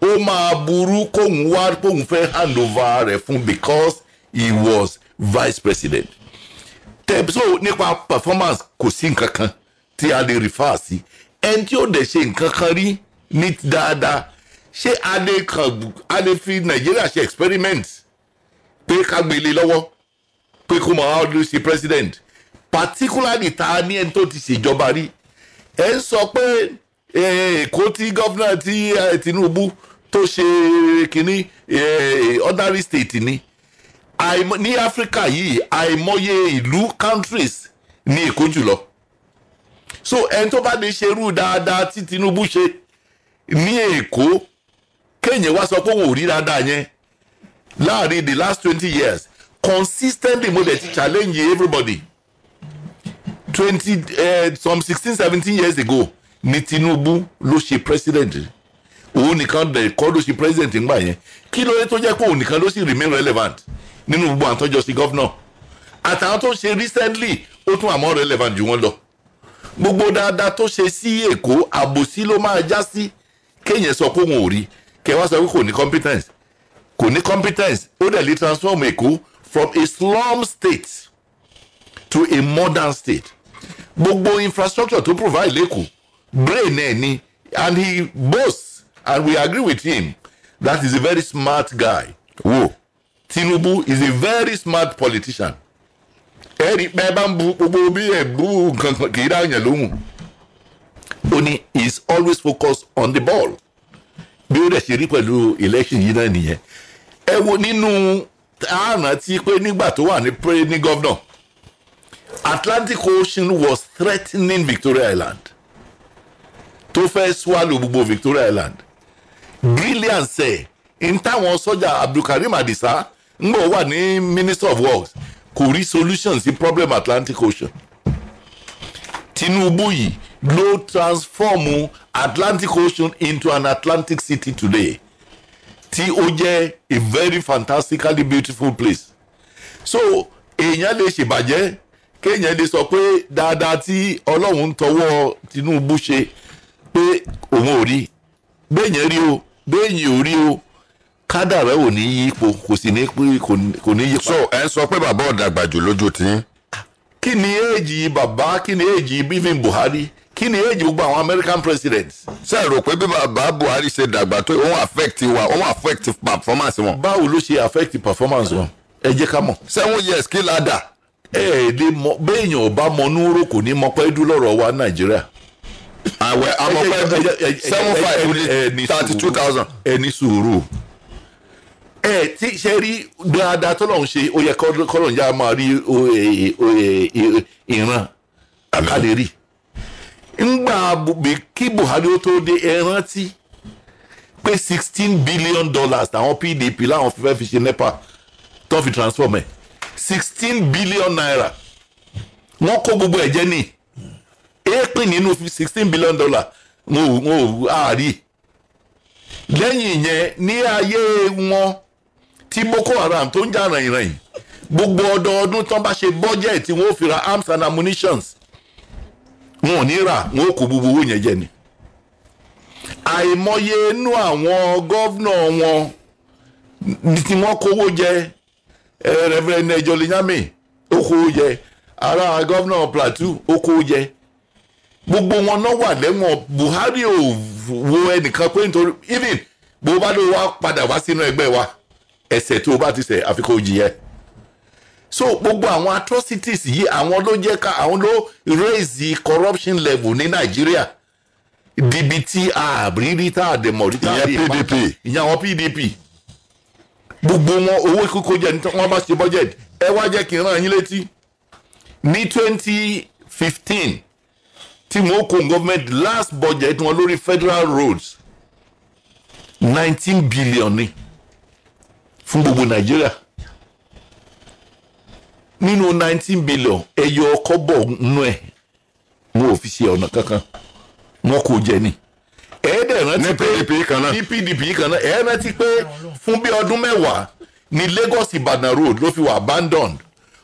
ó máa burú kóun wá kóun fẹ́ hand over rẹ̀ fún because he was vice president tẹ̀ so nípa performance kò sí nǹkan kan tí a lè refer sí ẹni tí ó dẹ̀ ṣe nǹkan kan rí ní dáadáa ṣé a lè kàn a lè fi nàìjíríà ṣe experiment pé ká gbélé lọ́wọ́ pé kó mọ̀ ọ́ ló ṣe president particularly ta ní ẹni tó ti ṣèjọba rí ẹ ń sọ pé èkó tí gọ́fúnà tí Tinubu tó ṣe kínní ordinary state ni. Eh, ní áfíríkà yìí àìmọye ìlú countries ní èkó jùlọ so ẹni tó bá lè ṣerú dáadáa tí Tinubu ṣe ní èkó kéèyàn wá sọ pé òun ò rí dáadáa yẹn láàrin the last twenty years consistently mo dẹ̀ ti challenge everybody twenty uh, some sixteen seventeen years ago ni Tinubu ló ṣe president òun nìkan dẹ̀ kọ́ ló ṣe president ńgbà yẹn kí ló dé tó jẹ́ pé òun nìkan ló sì remain relevant nínú gbogbo àtọ́jọ sí gọ́vnọ̀ àtàwọn tó ṣe recently ó tún àmọ́ relevant jù wọ́n lọ gbogbo dáadáa tó ṣe sí èkó àbòsí ló máa já sí kéèyàn sọ pé òun ò rí kẹwàá sọ pé kò ní competence kò ní competence ó dẹ̀ lè transform èkó from a slum state to a modern state gbogbo infrastructure tó provide lẹ́kọ̀ọ́ brain ẹ̀ ni and he boasts and we agree with him that he's a very smart guy. Whoa tinubu is a very smart politician ẹ̀rí pé bá ń bu gbogbo bí ẹ̀ kankan kì í dá yàn lóhùn ó ní he is always focused on the ball bí ó dẹ̀ ṣe rí pẹ̀lú election yìí náà nìyẹn ẹ wo nínú àrùn tí pé nígbà tó wà ní pray ní gọ́vnà atlantic ocean was threatening victoria island tó fẹ́ swallow gbogbo victoria island brilliant sẹ́ẹ̀ n táwọn sọ́jà abdulkareem adisa ngbọ wà ní minister of works kò rí solution sí problem atlantic ocean tinubu yìí ló transform atlantic ocean into an atlantic city today tí ó jẹ́ a very fantastically beautiful place so èèyàn lè ṣèbàjẹ́ kéèyàn lè sọ pé dáadáa tí ọlọ́run ń tọwọ́ tinubu ṣe pé òun ò rí béèyàn rí o béèyàn ò rí o kádàrá ò ní yípo kò sì ní kò ní yípa. so ẹ sọ pé bàbá ọ̀dàgbà jù lójú tí. kí ni èjì bàbá kí ni èjì bífin Buhari kí ni èjì gbogbo àwọn American presidents. ṣé ẹ rò pé bí bàbá Buhari ṣe dàgbà tó òun affect wa òun affect performance wọn. báwo ló ṣe affect performance wọn ẹ jẹ́ ká mọ̀. seven years kí la dà. ẹ ẹ lè mọ béèyàn ò bá mọ núró kò ní mọ pẹ́ dú lọ́rọ̀ wa Nàìjíríà àwẹ̀ amọ̀pẹ́ seven five thirty two thousand. ẹni sùúrù ẹ tí ṣe rí dáadáa tó lọ́n ṣe ó yẹ kọ́lọ̀ ń já máa rí ìran ká lè rí ngbà kí Buhari ó tó de ẹ rántí pé sixteen billion dollars làwọn PDP làwọn fẹ́ fi ṣe NEPA tó fi transform ẹ̀ sixteen billion naira wọ́n kó gbogbo ẹ̀ jẹ́ ní èèpìn nínú sixteen billion dollar wọn ò àárí lẹ́yìn yẹn ní ayé wọn tí boko haram tó ń jà ràyìnràyìn gbogbo ọdọọdún tán bá ṣe bọ́jẹ̀tì wọn ò fi ra arms and ammunitions wọn ò ní rà wọn ò kó gbogbo owó yẹn jẹ ni àìmọye inú àwọn gọ́vnà wọn tí wọ́n kówó jẹ Reverend Ẹjọ́ Nyame ó kówó jẹ ara gọ́vnà Plateau ó kówó jẹ gbogbo wọn náà wà lẹ́wọ̀n Buhari ò wo ẹnìkan pé nítorí even bó bá ló wá padà wá sínú ẹgbẹ́ wa ẹ̀ṣẹ̀ tó o bá ti ṣẹ̀ àfi kó jìyẹ so gbogbo àwọn atrocities yìí àwọn ló jẹ́ ká àwọn ló raise corruption level ní nàìjíríà dibi tí a rírí tá a dẹ̀mọ̀ rí tá a rí ìpàdé ìyẹn àwọn pdp gbogbo wọn owó kíkó jẹ nítorí wọn bá ṣe budget ẹ wá jẹ́ kí n rán yín létí ní twenty fifteen tí wọn kó government last budget wọn lórí federal roads nineteen billion ni fún gbogbo nàìjíríà nínú nineteen billion ẹyọ kọ́bọ̀ nú ẹ̀ wọn ò fi ṣe ọ̀nà kankan wọn kò jẹ ni ẹ̀ẹ́dẹ̀ rántí pé ní PDP kan náà ní PDP pé fún bí ọdún mẹ́wàá ní Lagos Ibadan road ló fi wà abandoned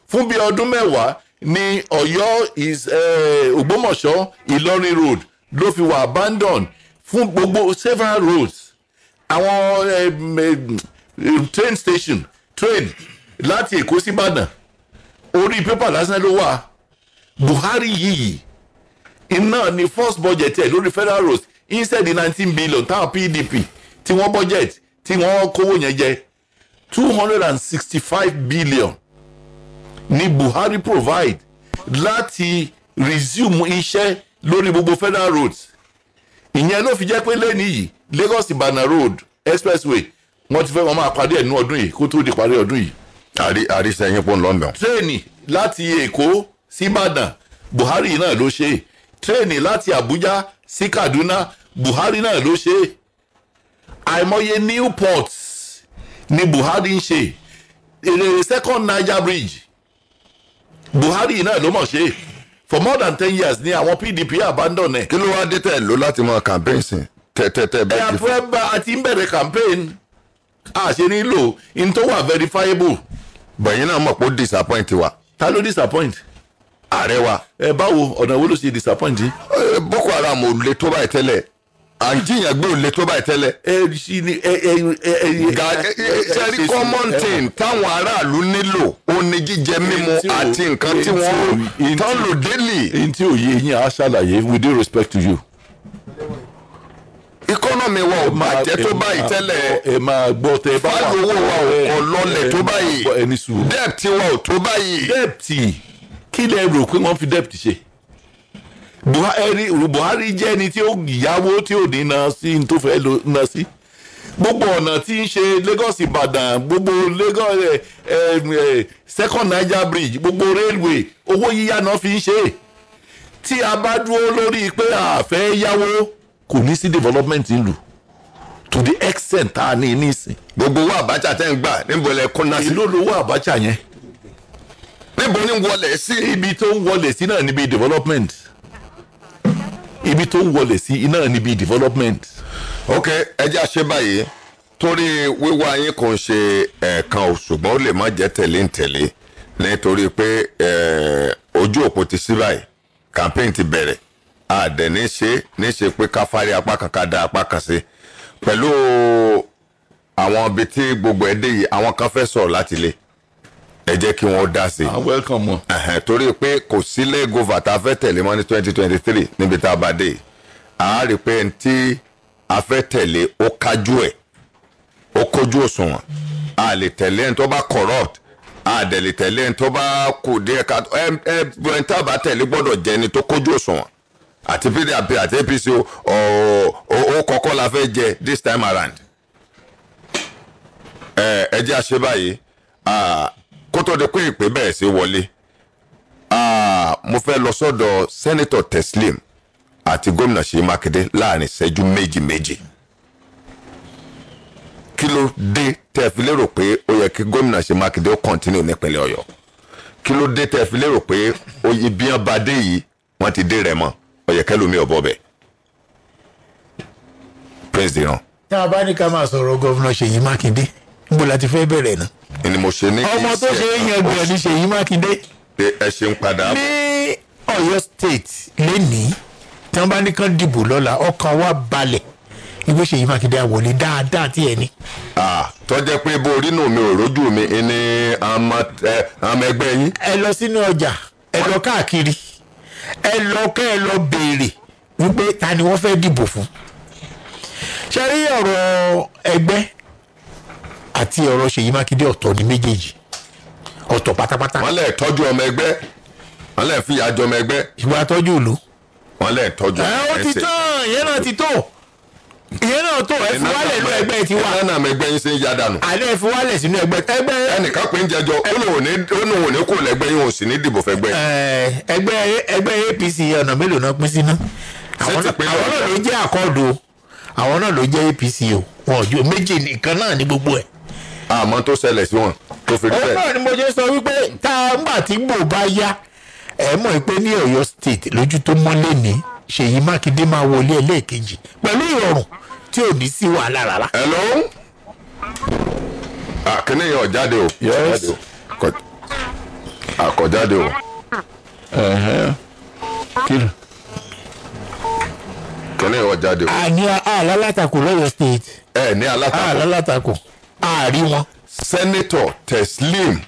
fún bí ọdún mẹ́wàá ní Ọ̀yọ́ eh, Ògbómọ̀ṣọ́ Ìlọrin road ló fi wà abandoned fún gbogbo several roads àwọn eh, Eh, train station train láti èkó síbàdàn orí pépà lásán ló wà buhari yìí iná ni first budget ẹ lórí federal roads instead nineteen billion táwọn pdp tí wọ́n budget tí wọ́n kówó yẹn jẹ two hundred and sixty-five billion ni buhari provide láti resume iṣẹ́ lórí gbogbo federal roads ìyẹn ló fi jẹ́ pé lẹ́nu yìí lagos ìbàdàn road expressway wọ́n ti fẹ́ wọn máa parí ẹ̀ ní ọdún yìí kó tó di parí ọdún yìí. àrí àrí sẹ́yìn pọ̀ ńlọ́mọ̀. tírèènì láti èkó sí ìbàdàn buhari náà ló ṣe tírèènì láti àbújá sí kaduna buhari náà ló ṣe àìmọye newport ni buhari ń ṣe èrè second niger bridge buhari náà ló mọ̀ ṣe for more than ten years ni àwọn pdp abandon ẹ̀. kí ló wá dé tẹ̀ ló láti mọ campaign sí tẹ̀tẹ̀tẹ̀ bẹ́ẹ̀ ti fún. ẹ̀ àti ń bẹ̀rẹ̀ campaign a ṣe nílò in tó wà verifiable bẹ̀yìn náà mọ̀ pé ó disappoint wa ta ló disappoint ààrẹ wa ẹ báwo ọ̀nà wo ló ṣe disappoint yìí. boko haram ò le tó báyìí tẹ́lẹ̀ à ń jiyàn gbé ò le tó báyìí tẹ́lẹ̀. ẹ ṣì ni ẹ ẹ ẹ ẹ. sẹ́rí common thing táwọn aráàlú nílò ó ní jíjẹ mímu àti nǹkan tí wọ́n tán lò délì. n tí òye yín á ṣàlàyé with due respect to you economy wa ò máa jẹ́ tó báyìí tẹ́lẹ̀ fáìlì owó wa ò lọlẹ̀ tó báyìí debt wa ò tó báyìí. debt kí lẹ rò pé wọ́n fi debt ṣe Buhari Buhari jẹ́ ẹni tí ó yáwó tí ò ní na sí ní tó fẹ́ na sí gbogbo ọ̀nà tí ń ṣe Lagos Ìbàdàn gbogbo Lagos eh, second Niger bridge gbogbo railway owó yíyá náà fi ń ṣe tí a bá dúró lórí pé a yáwó kò ní sí development ìlú to the extent tá a ní nísìn. gbogbo owó Abacha tẹ́ ń gbà níbo lẹ kọ́ná sí. èló lowó Abacha yẹn. níbo ni wọlé sí. ibi tó ń wọlé sí náà níbi development ibi tó ń wọlé sí náà níbi development. ok ẹ jẹ́ àṣẹ báyìí torí wíwá yín kò ń ṣe ẹ̀ẹ̀kan o ṣùgbọ́n ó lè má jẹ́ tẹ̀lé ń tẹ̀lé nítorí pé ojú òpó ti sí báyìí campaign ti bẹ̀rẹ̀ àdẹ̀ní ṣe níṣe pé ká fárí apá kan da apá kan sí pẹ̀lú àwọn ibi tí gbogbo ẹ̀ dé yìí àwọn kan fẹ́ sọ̀rọ̀ láti lé ẹ jẹ́ kí wọ́n dá sí i. Ah, welcome wọn. torí pé kò sí lẹ́gọ́fà tá a fẹ́ tẹ̀lé mọ́ ní twenty twenty three níbi tá a bá dé yìí a rí pé ẹni tí a fẹ́ tẹ̀lé ó kájú ẹ̀ ó kójú òṣùwọ̀n a lè tẹ̀lé ẹni tó bá corrupt a dẹ̀ lè tẹ̀lé ẹni tó bá kù díẹ̀ ká ẹni tá a bá tẹ̀lé gbọ́dọ̀ jẹ́ ẹni tó kójú òṣùwọ̀n àti pdp àti apc ó kọ́kọ́ la fẹ́ jẹ this time around ẹ jẹ́ àṣẹ báyìí kó tó di pé ìpè bẹ́ẹ̀ ṣe wọlé mo fẹ́ lọ sọ́dọ̀ senator teslim àti gómìnà ṣèyí mákindé láàrin ìṣẹ́jú méjì méjì kí ló dé tẹ́ fi lérò pé ó yẹ kí gómìnà ṣèyí mákindé ó continue nípínlẹ̀ ọ̀yọ́ kí ló dé tẹ́ fi lérò pé ibi ọba dé yìí wọ́n ti dé rẹ̀ mọ́ ọ̀yẹ̀kẹ́ lomi ọ̀bọ bẹ̀ Prince Dìran. tá a bá ní ká máa sọ̀rọ̀ gọ́vùnà Ṣèyí Mákindé níbo la ti fẹ́ bẹ̀rẹ̀ náà. ni mo ṣe ní kí n ṣe ọmọ tó ṣe é yan gbọ̀n ní Ṣèyí Mákindé. pé ẹ ṣe ń padà. ní Ọ̀yọ́ state lẹ́nìí tí wọ́n bá ní kán dìbò lọ́la ọkàn wa balẹ̀ ibi Ṣèyí Mákindé àwọlé dáadáa tí ẹ ní. tọ́jẹ́ pé bó orí nù mi ò rójú mi ni àmọ́ ẹgbẹ́ yín. ẹ lọ sínú ọjà ẹ lọ káàkiri ẹ lọ kẹ́ ẹ lọ béèrè wípé ta ni wọ́n fẹ́ dìbò fún ṣe rí ọ̀rọ̀ ẹgbẹ́ àti ọ̀rọ̀ Ṣèyí Mákindé ọ̀tọ̀ ní méjèèjì ọ̀tọ̀ pátápátá. wọ́n lè tọ́jú ọmọ ẹgbẹ́ wọ́n lè fi àjọ ọmọ ẹgbẹ́. ìwà tọ́jú ìlú. wọ́n lè tọ́jú ẹsẹ̀. ẹ ó ti tán ìyẹn náà ti tó ìyẹn náà tó ẹ fi wálẹ̀ nínú ẹgbẹ́ ti wà. ìnáná mẹgbẹ́ yín ṣe ń yá dànù. àná ẹ fi wálẹ̀ sínú ẹgbẹ́ ẹgbẹ́. ẹnìkan pé ń jẹjọ ó ní òun ní kò lẹ́gbẹ́ yín òun sì ní dìbò fẹ́gbẹ́. ẹgbẹ́ ẹgbẹ́ APC ọ̀nà mélòó náà pín sínú. àwọn náà ló jẹ́ àkọọ́dù àwọn náà ló jẹ́ APC o wọn ò ju méjì nìkan náà ní gbogbo ẹ̀. àmọ́ tó ṣẹlẹ̀ sí wọn tó fi bẹ́ẹ̀. òun náà ni mo ṣe sọ wípé tá a ń gbà tí gbò bá yá ẹ̀ mọ̀ state lójú tó mọ́lé ní Ṣèyí Mákindé máa wọlé ẹlẹ́ẹ̀kejì pẹ̀lú ìrọ̀rùn tí ò ní sí wàhálà rárá. hello àkínní yẹn ọ̀jáde o àkọ̀jáde o. kínní yẹn ọ̀jáde o. àní alátakò lọ́yọ̀ state. ẹ ní alátakò. alátakò àárí wọn. sẹ́nẹ́tọ̀ Teslim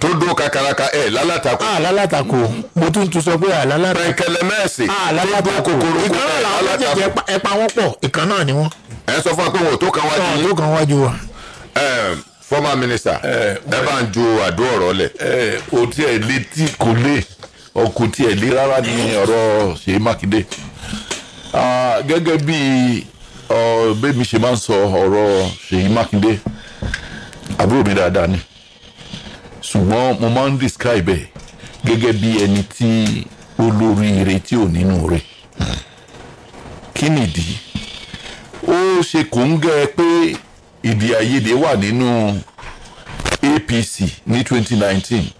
tó dó kakaraka ẹ lálátako. a ah, lálátako mo tún tún sọ pé a ah, lálátako. pẹ̀kẹ̀lẹ̀ mẹ́ẹ̀sì ah, tó dó kokoro kò ẹ lálátako. ẹ̀pà wọn pọ̀ ìkan náà ni wọ́n. ẹ sọ fún wa pé wọn ò tó kan wájú. wọn ò tó kan wájú wa. former minister ẹ bá ń ju àdó ọ̀rọ̀ lẹ̀. o tí ẹ lé tí kò lé ọkùn tí ẹ lé rárá ní ọ̀rọ̀ ṣèyí mákindé gẹ́gẹ́ bíi bẹ́ẹ̀ ṣe máa ń sọ ọ̀rọ̀ ṣèyí mákindé àbúrò mi dáadáa ni ṣùgbọ́n mo máa ń describe ẹ̀ gẹ́gẹ́ bí ẹni tí ó lóríire tí ò nínú rẹ̀ kí nìdí ó ṣe kò ń gẹ́ ẹ pé ìdí àìyedè wà nínú APC ní 2019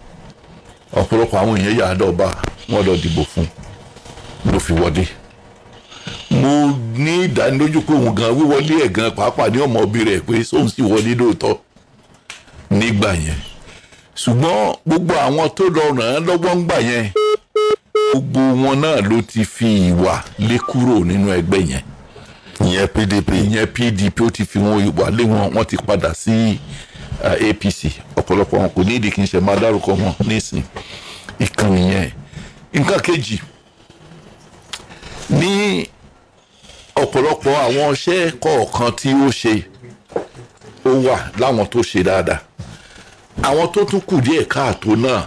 ọ̀pọ̀lọpọ̀ àwọn èèyàn yà á dọ̀ba wọ́n lọ dìbò fún ló fi wọlé mo ní ìdánilójú pé òun gan wíwọlé ẹ̀ gan pàápàá ní ọmọ òbí rẹ̀ pé sóun sì wọlé lóòótọ́ nígbà yẹn ṣùgbọ́n gbogbo àwọn tó lọ ràn án lọ́wọ́ ń gbà yẹn gbogbo wọn náà ló ti fi ìwà lé kúrò nínú ẹgbẹ́ yẹn ìyẹn PDP ìyẹn PDP ó ti fi wọn ìwà lé wọn wọ́n ti padà sí APC ọ̀pọ̀lọpọ̀ wọn kò ní ìdí kí n ṣe máa dárúkọ wọn nísìn ìkànnì yẹn nǹkan kejì ní ọ̀pọ̀lọpọ̀ àwọn iṣẹ́ kọ̀ọ̀kan tí ó ṣe ó wà láwọn tó ṣe dáadáa àwọn tó tún kù díẹ̀ káàtó náà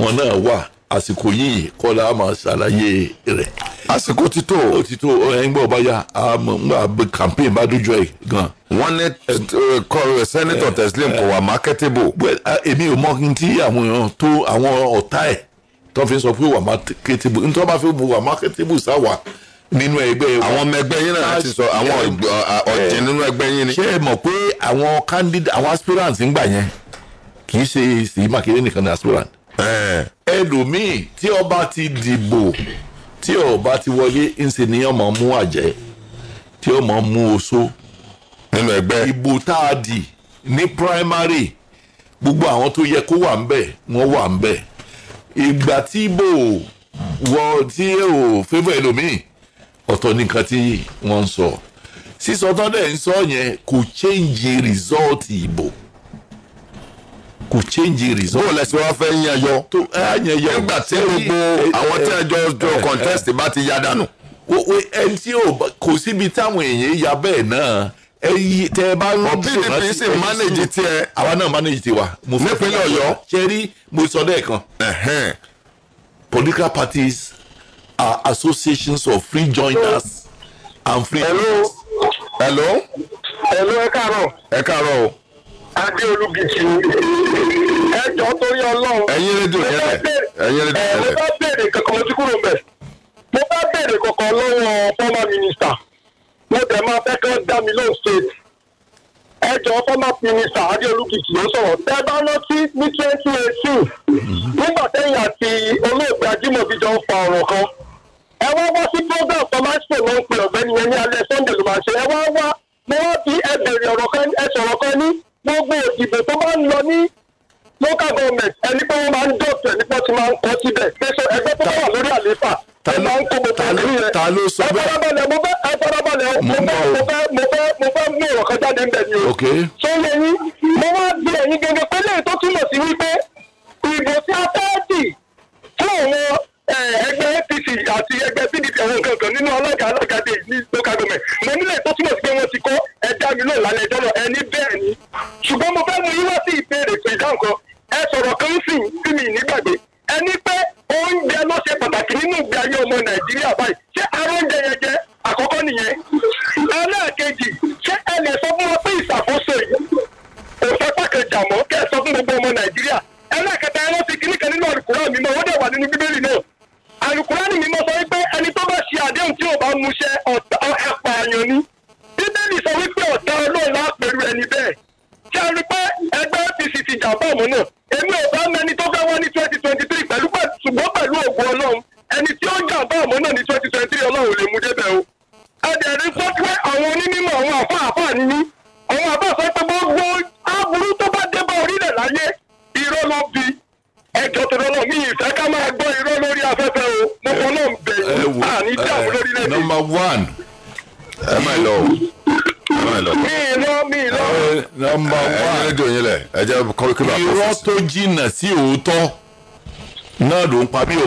wọn náà wà àsìkò yìí kọ́lá a máa ṣàlàyé rẹ̀. àsìkò ti tó. ó ti tó ẹgbẹ́ ọba ya àmọ́ campaign bá dójú ẹ̀ gan. wọ́n ní sẹ́nitọ̀ Teslim kò wà marketable. èmi ò mọ ti àwọn èèyàn tó àwọn ọ̀tá ẹ̀ tó fi sọ pé wà marketable nítorí wọ́n bá fi wà marketable sáwà nínú ẹgbẹ́ wa. àwọn ọmọ ẹgbẹ́ yín náà ti sọ àwọn ọ̀jẹ̀ nínú ẹgbẹ́ yín ni. ṣé ẹ mọ̀ pé àwọn candidate àwọn aspirants ń gbà yẹn kì í ṣe Ṣèyí Mákindé nìkan ní aspirant. Eh. ẹlòmíì tí ọba ti dìbò tí ọba ti wọlé ńṣe ni ọmọ mú àjẹ́ tí ọmọ mú oṣó. nínú ẹgbẹ́. ìbò tá a dì ní primary gbogbo àwọn tó yẹ kó wà ń bẹ̀ wọ́n wà ń bẹ̀ ìgbà tí ìbò wọ tí ò fẹ́fẹ́ ẹlòmíì ọ̀tọ̀ nìkan tí wọ́n ń sọ sísọ dẹ̀ ń sọ yẹn kò change result ìbò kò change result. bó o lẹsẹ fẹ́ yan yọ nígbà tí gbogbo àwọn tí a jọ contest bá ti ya dànù. ẹni tí kò síbi táwọn èèyàn ya bẹ́ẹ̀ náà èyí tẹ ẹ bá ń sọ láti pdp sì manage tiẹ. àwa náà manage tiwa. nípínlẹ̀ ọ̀yọ́. sẹ́rí mo sọ lẹ́ẹ̀kan. political parties are associations of free joiners and free. hello. hello. hello ẹ káàárọ̀. ẹ káàárọ̀ o. adéolú gidi ẹjọ́ torí ọlọ́run. ẹ̀yin rédíò yẹlẹ ẹ̀yin rédíò yẹlẹ. Eh, mo bá béèrè kankan lọ sí kúrò mẹ́ mo bá béèrè kankan lọ́wọ́ former minister mo dẹ̀ máa fẹ́ kí wọ́n dá mi lóhùn state ẹjọ́ former minister adéolùkìkì ló sọ̀rọ̀ tẹ́ bá rántí ní twenty eighteen nígbà tẹ́yìn àti olóògbé ajímọ̀bí jọ ń fa ọ̀rọ̀ kan ẹ wá wá sí program tomasco ló ń pè ọ̀gbẹ́ni yẹn ní alẹ́ sunday ló máa ṣe ẹ wá wá mo wá bí ẹ bèrè ọ̀rọ̀ kan ẹ sọ̀rọ̀ kan ní gbogbo ìdìbò tó bá ń lọ ní local government ẹni pé wọ́n máa ń dọ̀tí ẹni pé wọ́n ti máa ń kọ́ síbẹ̀ pẹ̀sọ ẹgbẹ́ tó wà lórí àlééfà ẹ máa ń kó gbogbo ẹ̀rí rẹ̀ ta ló sọ bẹ́ẹ̀ ẹ farabalẹ̀ mo fẹ́ ẹ farabalẹ̀ mo fẹ́ mo fẹ́ mo fẹ́ mo fẹ́ mú ọ̀rọ̀ kan jáde ńbẹ ni o tó yẹ yín mo wá bí ẹ̀yin gẹ́gẹ́ pé lẹ́yìn tó túmọ̀ sí wípé ìbò tí a fẹ́ dì fún àwọn eh, ẹgbẹ́ apc àti ẹgbẹ́ pdp àwọn nǹkan kan nínú alága alága dé ní local government mo nílẹ̀ tó túmọ̀ sí pé wọ́n ti kọ́ ẹ̀dá mi lóòlá lẹ́jọ́ náà ẹni bẹ́ẹ̀ ni ṣùgbọ́n mo fẹ́ mú yín wá sí ìbéèrè pé ìdáhùn kan ẹ sọ̀rọ̀ kan sì tí mi nígbàgbé ẹ ní pé oúnjẹ ló ṣe pàtàkì nínú ìgbé ayé ọmọ nàìjíríà báyìí ṣé aró oúnjẹ yẹn jẹ àkọ́kọ́ nìyẹn ẹlẹ́ẹ̀kejì ṣé ẹ lè sọ fún wa pé ìṣàkóso yìí kò fẹ́ pàkẹjà mọ́ kẹ́ ẹ sọ fún gbogbo ọmọ nàìjíríà ẹlẹ́ẹ̀kẹta ẹ rántí kinní kan nínú àlùkùrá mi mọ́ wọ́n dẹ̀ wà nínú bíbélì náà àlùkùrá mi mọ́ sọ wípé ẹni tó bá ṣe àdéhùn tí ò bá múṣẹ ọ̀pààyàn ni bíbélì sọ wípé ọ̀tá ọlọ́ọ̀lá pẹ̀lú ẹni bẹ́ẹ̀ ṣe é rí pé ẹgbẹ́ apc ti jà bọ́ọ̀mù náà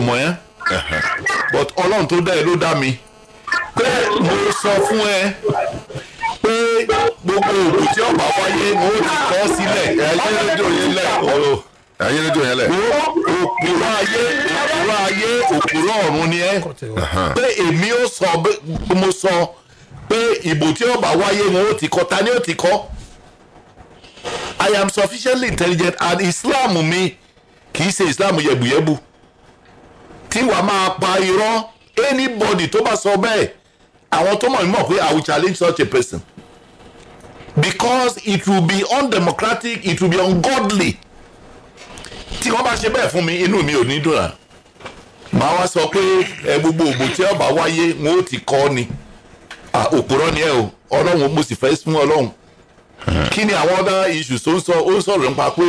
ọmọ yẹn but ọlọ́run tó dá ẹ ló dá mi pé mo sọ fún ẹ pé gbogbo òògùn tí ọba wáyé mo ti kọ́ sílẹ̀ ẹ̀yẹ́ yẹn lẹ̀ ọ̀rọ̀ ẹ̀yẹ́ yẹn lẹ̀. òpùrọ̀ ayé òpùrọ̀ ayé òpùrọ̀ ọ̀run ni ẹ́ pé èmi ó sọ mo sọ pé ìbò tí ọba wáyé wọn ó ti kọ́ ta ni ó ti kọ́ I am sufficiently intelligent and Islam mi kì í ṣe Islam yẹ̀bùyẹ̀bù tí wàá máa pa irọ́ anybody tó bá sọ bẹ́ẹ̀ àwọn tó mọ̀ mọ̀ pé I will challenge such a person because it will be undemocratic it will be ungodly tí wọ́n bá ṣe bẹ́ẹ̀ fún mi inú mi ò ní dùn à màá wá sọ pé ẹ gbogbo ògbò tí ọba wáyé wọn ò ti kọ́ ni òpòrọ́ ni ẹ o ọlọ́run mo sì fẹ́ fún ọlọ́run kí ni àwọn other issues tó ń sọ ó ń sọ̀rọ̀ nípa pé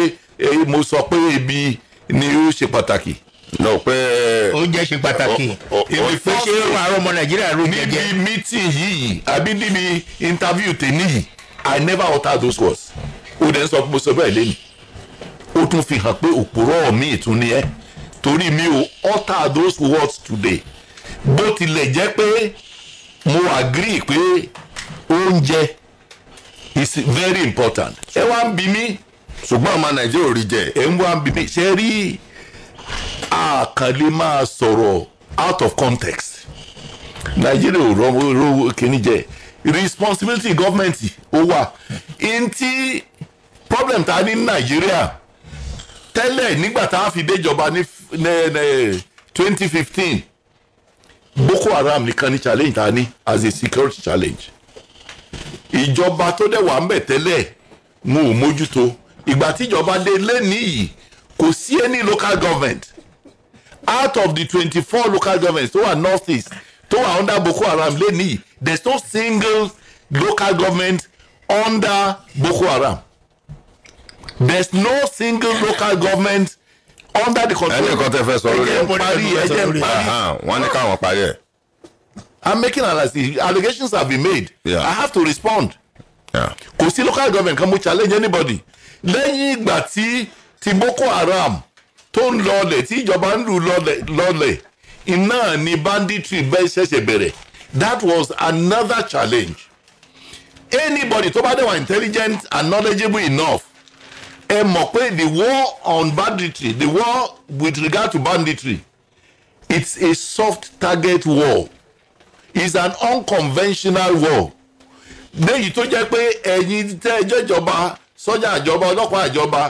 mo sọ pé ebi ni ó ṣe pàtàkì N'o pé. oúnjẹ ṣe pàtàkì èmi pé ṣé àárọ̀ ọmọ nàìjíríà ló jẹ jẹ. níbi meeting yìí àbí níbi interview tèmi yìí i never utter those words ó dẹ̀ sọ pé mo sọ bẹ́ẹ̀ lẹ́nu tún fi hàn pé òpòrọ̀ mi ìtún ni ẹ́ torí mi ò utter those words today bó tilẹ̀ jẹ́ pé mo agree pé oúnjẹ is very important ẹ wá ń bi mí ṣùgbọ́n ọmọ nàìjíríà ò rí jẹ a kàn lè máa sọ̀rọ̀ out of context nàìjíríà ò rọ kíní jẹ responsibility government ó wà ntí problem ta ní nàìjíríà tẹ́lẹ̀ nígbà tá a fi déjọba ní twenty fifteen boko haram nìkan ní challenge ta ní as a security challenge ìjọba tó dẹ̀ wà ń bẹ̀ tẹ́lẹ̀ mo ò mójútó ìgbà tíjọba dé lẹ́nìí yìí kò sí any local government out of the twenty-four local governments tó wà north east tó wà under boko haram lẹ́nìí there is no single local government under boko haram there is no single local government under the control. ẹni kan tẹ fẹ sọ lórí ẹ parí ẹ jẹ parí. wọn ní káwọn parí ẹ. i'm making analysis allegations have been made yeah. i have to respond. kò sí local government kan mo challenge anybody lẹ́yìn ìgbà tí ti Boko Haram tó ń lọlẹ̀ tí ìjọba ń lù lọlẹ̀ iná ni banditry bẹ́ẹ̀ ṣẹ̀ṣẹ̀ bẹ̀rẹ̀ that was another challenge anybody tó bá dẹ̀ wà intelligent and knowledgeable enough ẹ mọ̀ pé the war on banditry the war with regard to banditry it's a soft target war it's an unconventional war léyìí tó jẹ́ pé ẹ̀yin tẹ́ ẹjọ́ ìjọba sọ́jà ìjọba ọlọ́pàá ìjọba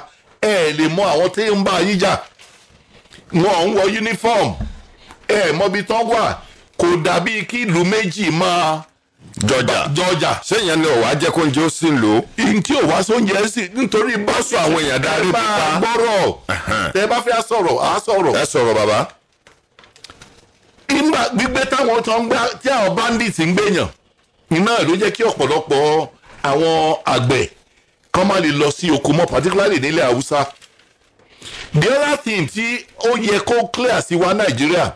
ẹ lè mọ àwọn tí ń bá yín jà wọn ń wọ uniform ẹ mọbi tán wà kò dàbí kí ìlú méjì máa jọjà jọjà sẹyìn ni ọwà jẹ kó oúnjẹ ó sì lò. ntí òwà sóúnjẹ sì nítorí bá sọ àwọn èèyàn darí bípa. ẹ bá gbọ́rọ̀ tẹ bá fẹ́ sọ̀rọ̀ á sọ̀rọ̀. ẹ sọ̀rọ̀ bàbá. ìgbà gbígbé táwọn gba gbá tí àwọn bandits ń gbèyàn iná ló jẹ́ kí ọ̀pọ̀lọpọ̀ àwọn kán má lè lọ sí oko mọ́ particularly nílẹ̀ haúsá the other thing tí ó yẹ kó clear sí wa nàìjíríà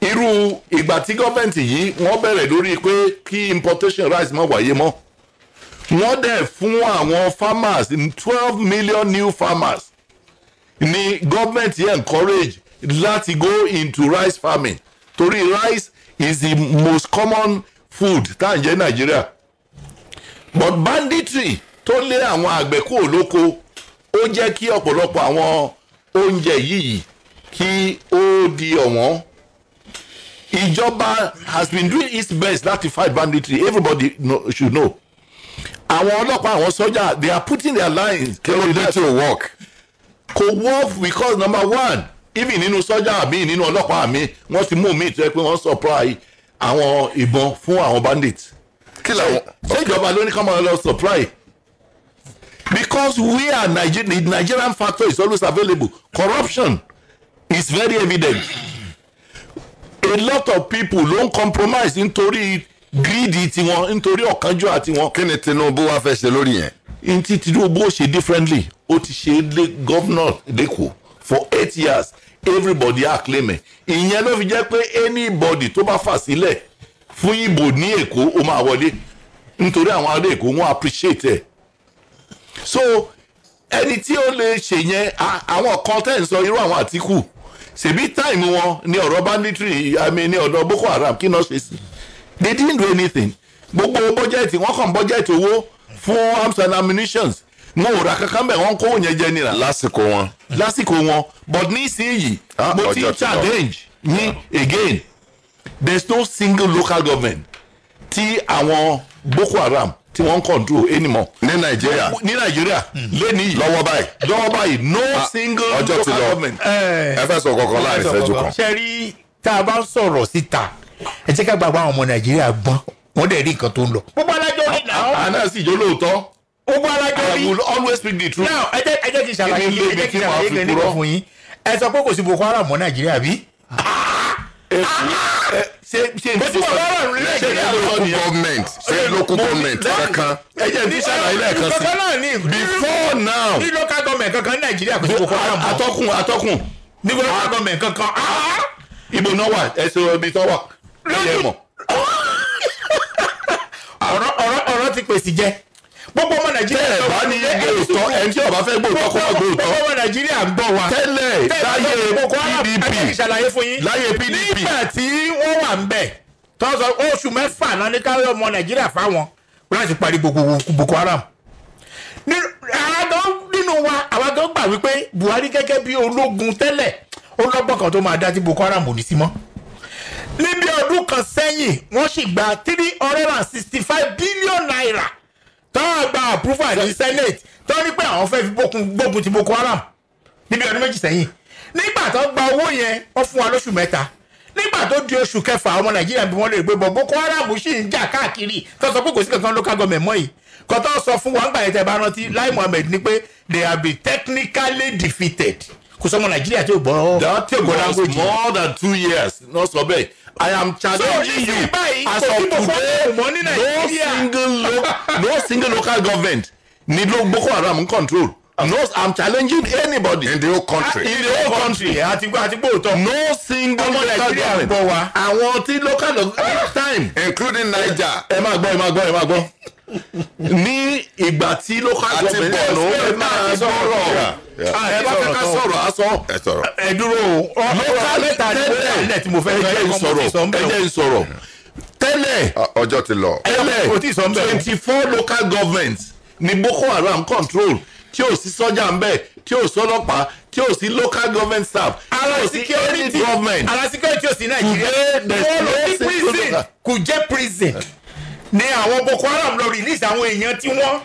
irú ìgbà tí gọ́ọ̀mẹ̀ntì yìí wọ́n bẹ̀rẹ̀ lórí pé kí importation rice má wáyé mọ́ wọ́n dẹ̀ fún àwọn farmers twelve million new farmers ni gọ́ọ̀mẹ̀ntì encourage láti go into rice farming torí rice is the most common food tá à ń jẹ́ nàìjíríà but banditry tó lé àwọn àgbẹ̀ kúrò lóko ó jẹ́ kí ọ̀pọ̀lọpọ̀ àwọn oúnjẹ yìí kí ó di ọ̀wọ́n ìjọba has been doing its best láti fight banditry everybody know, should know àwọn ọlọ́pàá àwọn sọ́jà they are putting their lines. kí ló dé tí ò work. kò work because number one even nínú sọ́jà mi nínú ọlọ́pàá mi wọ́n ti mú mi tó yẹ pé wọ́n supply àwọn ìbọn fún àwọn bandits. kí làwọn. ṣé ìjọba ló ní ká máa lọ supply because we are Niger- the Nigerian factor is always available. Corruption is very evident. A lot of people ló compromise nítorí greedy tiwọn nítorí ọ̀kánjúwà tiwọn. kí ni Tinubu wá fẹ́ ṣe lórí yẹn. n ti Tinubu ó ṣe differently ó ti ṣe lé governor lẹ́kọ̀ọ́ for eight years everybody are claiming ìyẹn ló fi jẹ́ pé anybody tó bá fà sílẹ̀ fún ìbò ní Èkó ó máa wọlé nítorí àwọn ará Èkó wọ́n appreciate ẹ̀ so ẹni tí ó lè ṣe yẹn àwọn kan tẹ̀ ń sọ irú àwọn àtìkù ṣèbí táìmù wọn ní ọ̀rọ̀ banditry àmì ní ọ̀dọ̀ boko haram kí náà ṣe sí they didn't do anything gbogbo bọ́jẹ̀tì wọ́n kàn bọ́jẹ̀tì owó fún arms and ammunitions wọn ò ra kankan bẹ́ẹ̀ wọ́n kó yẹn jẹ nira. lásìkò wọn. lásìkò wọn but nísìnyìí ah, mo ti challenge yín again there is no single local government tí àwọn boko haram tí wọ́n ń control anymore. ní nàìjíríà ní nàìjíríà hmm. lẹ́ni yìí lọ́wọ́ báyìí lọ́wọ́ báyìí no ah, single local government. Eh. ẹ fẹ́ sọ kọ̀ọ̀kan láàrin ìṣẹ́jú kan. sẹ́rí tá a bá ń sọ̀rọ̀ síta ẹ jẹ́ ká gbàgbọ́ àwọn ọmọ nàìjíríà gbọ́n wọ́n dẹ̀ rí nǹkan tó ń lọ. gbogbo alájọ́ rí náà. àná sì jọ lóòótọ́. gbogbo alájọ́ rí. I will always speak the truth. now ẹ jẹ́ ẹ jẹ́ kí n ṣàlàyé ẹ jẹ́ kí n ṣàlàyé kí n nípa fún yín ẹ sọ pé kò sí boko haram mọ́ nàìjíríà bí. Ah! Eh, eh, ṣe ṣe mo ti government ṣe local government kankan ẹjẹ ní sàlàyé lẹ́ẹ̀kan before now ní local government kankan nàìjíríà kò sí kókó náà mọ atọ́kùn atọ́kùn ní local government kankan ah, ah, ah. ibo náà wà ẹsẹ ibi tó wà ẹyẹ mọ. ọ̀rọ̀ ọ̀rọ̀ ọ̀rọ̀ ti pèsè jẹ gbogbo ọmọ nàìjíríà tẹ ẹ bá ní yé òótọ́ ẹni tí ọba fẹ́ gbòòtọ́ kó má gbòòtọ́ gbogbo ọmọ nàìjíríà ń bọ̀ wá tẹ́lẹ̀ láyé pdp láyé pdp nígbà tí wà ń bẹ̀ tó sọ oṣù mẹ́fà náà ní káwé ọmọ nàìjíríà fáwọn láti parí gbogbo boko haram nínú wa àwa tó gbà wípé buhari gẹ́gẹ́ bí ológun tẹ́lẹ̀ ó lọ́gbọ̀n kan tó máa dá tí boko haram ò ní sí mọ́ níbi ọdún kan sẹ́yìn wọ́n sì gba three hundred and sixty five billion naira tó gba approval ní senate tó ní pé àwọn fẹ́ fi gbógun ti boko haram níbi ọdún méjì sẹ́yìn nígbà tó gba owó yẹn wọ́n fún wa lóṣù mẹ́ta nígbà tó di oṣù kẹfà ọmọ nàìjíríà bí wọ́n lè gbé bọ̀ boko haram sì ń jà káàkiri tó sọ pé kò sí kankan local government mọ́ yìí kò tó sọ fún wọn gbà yẹn tẹ́ bá rántí lai muhammed ni pé they have been technically defeated kò sọmọ nàìjíríà tí ò gbọ́ that take was more than two years lọ sọ bẹ́ẹ̀ i am challenging you as of today no single, no single local government ni boko haram control no i'm challenging anybody. in the whole country. in the whole country àti gbọ́ àti gbòòtọ́. no single local government àwọn tí local ah. time. including naija. ẹ máa gbọ́ ẹ máa gbọ́ ẹ máa gbọ́. ní ìgbà tí local government ẹ máa sọ̀rọ̀ ah, ẹ bá fẹ́ ká sọ̀rọ̀ á sọ. ẹ dúró o. local tẹ́lẹ̀ tí mo fẹ́ jẹ́ ìsọ̀rọ̀ ẹ jẹ́ ìsọ̀rọ̀ tẹ́lẹ̀. Ah, ọjọ́ ti lọ. tẹ́lẹ̀ twenty four local governments ni boko haram control tí ò sí sọ́jà ń bẹ̀ tí ò sọ́lọ́pàá tí ò sí local government staff ara security government ara security ò sí nàìjíríà wọ́n lọ sí prison kùjẹ́ prison ni àwọn boko haram lọ release àwọn èèyàn tí wọ́n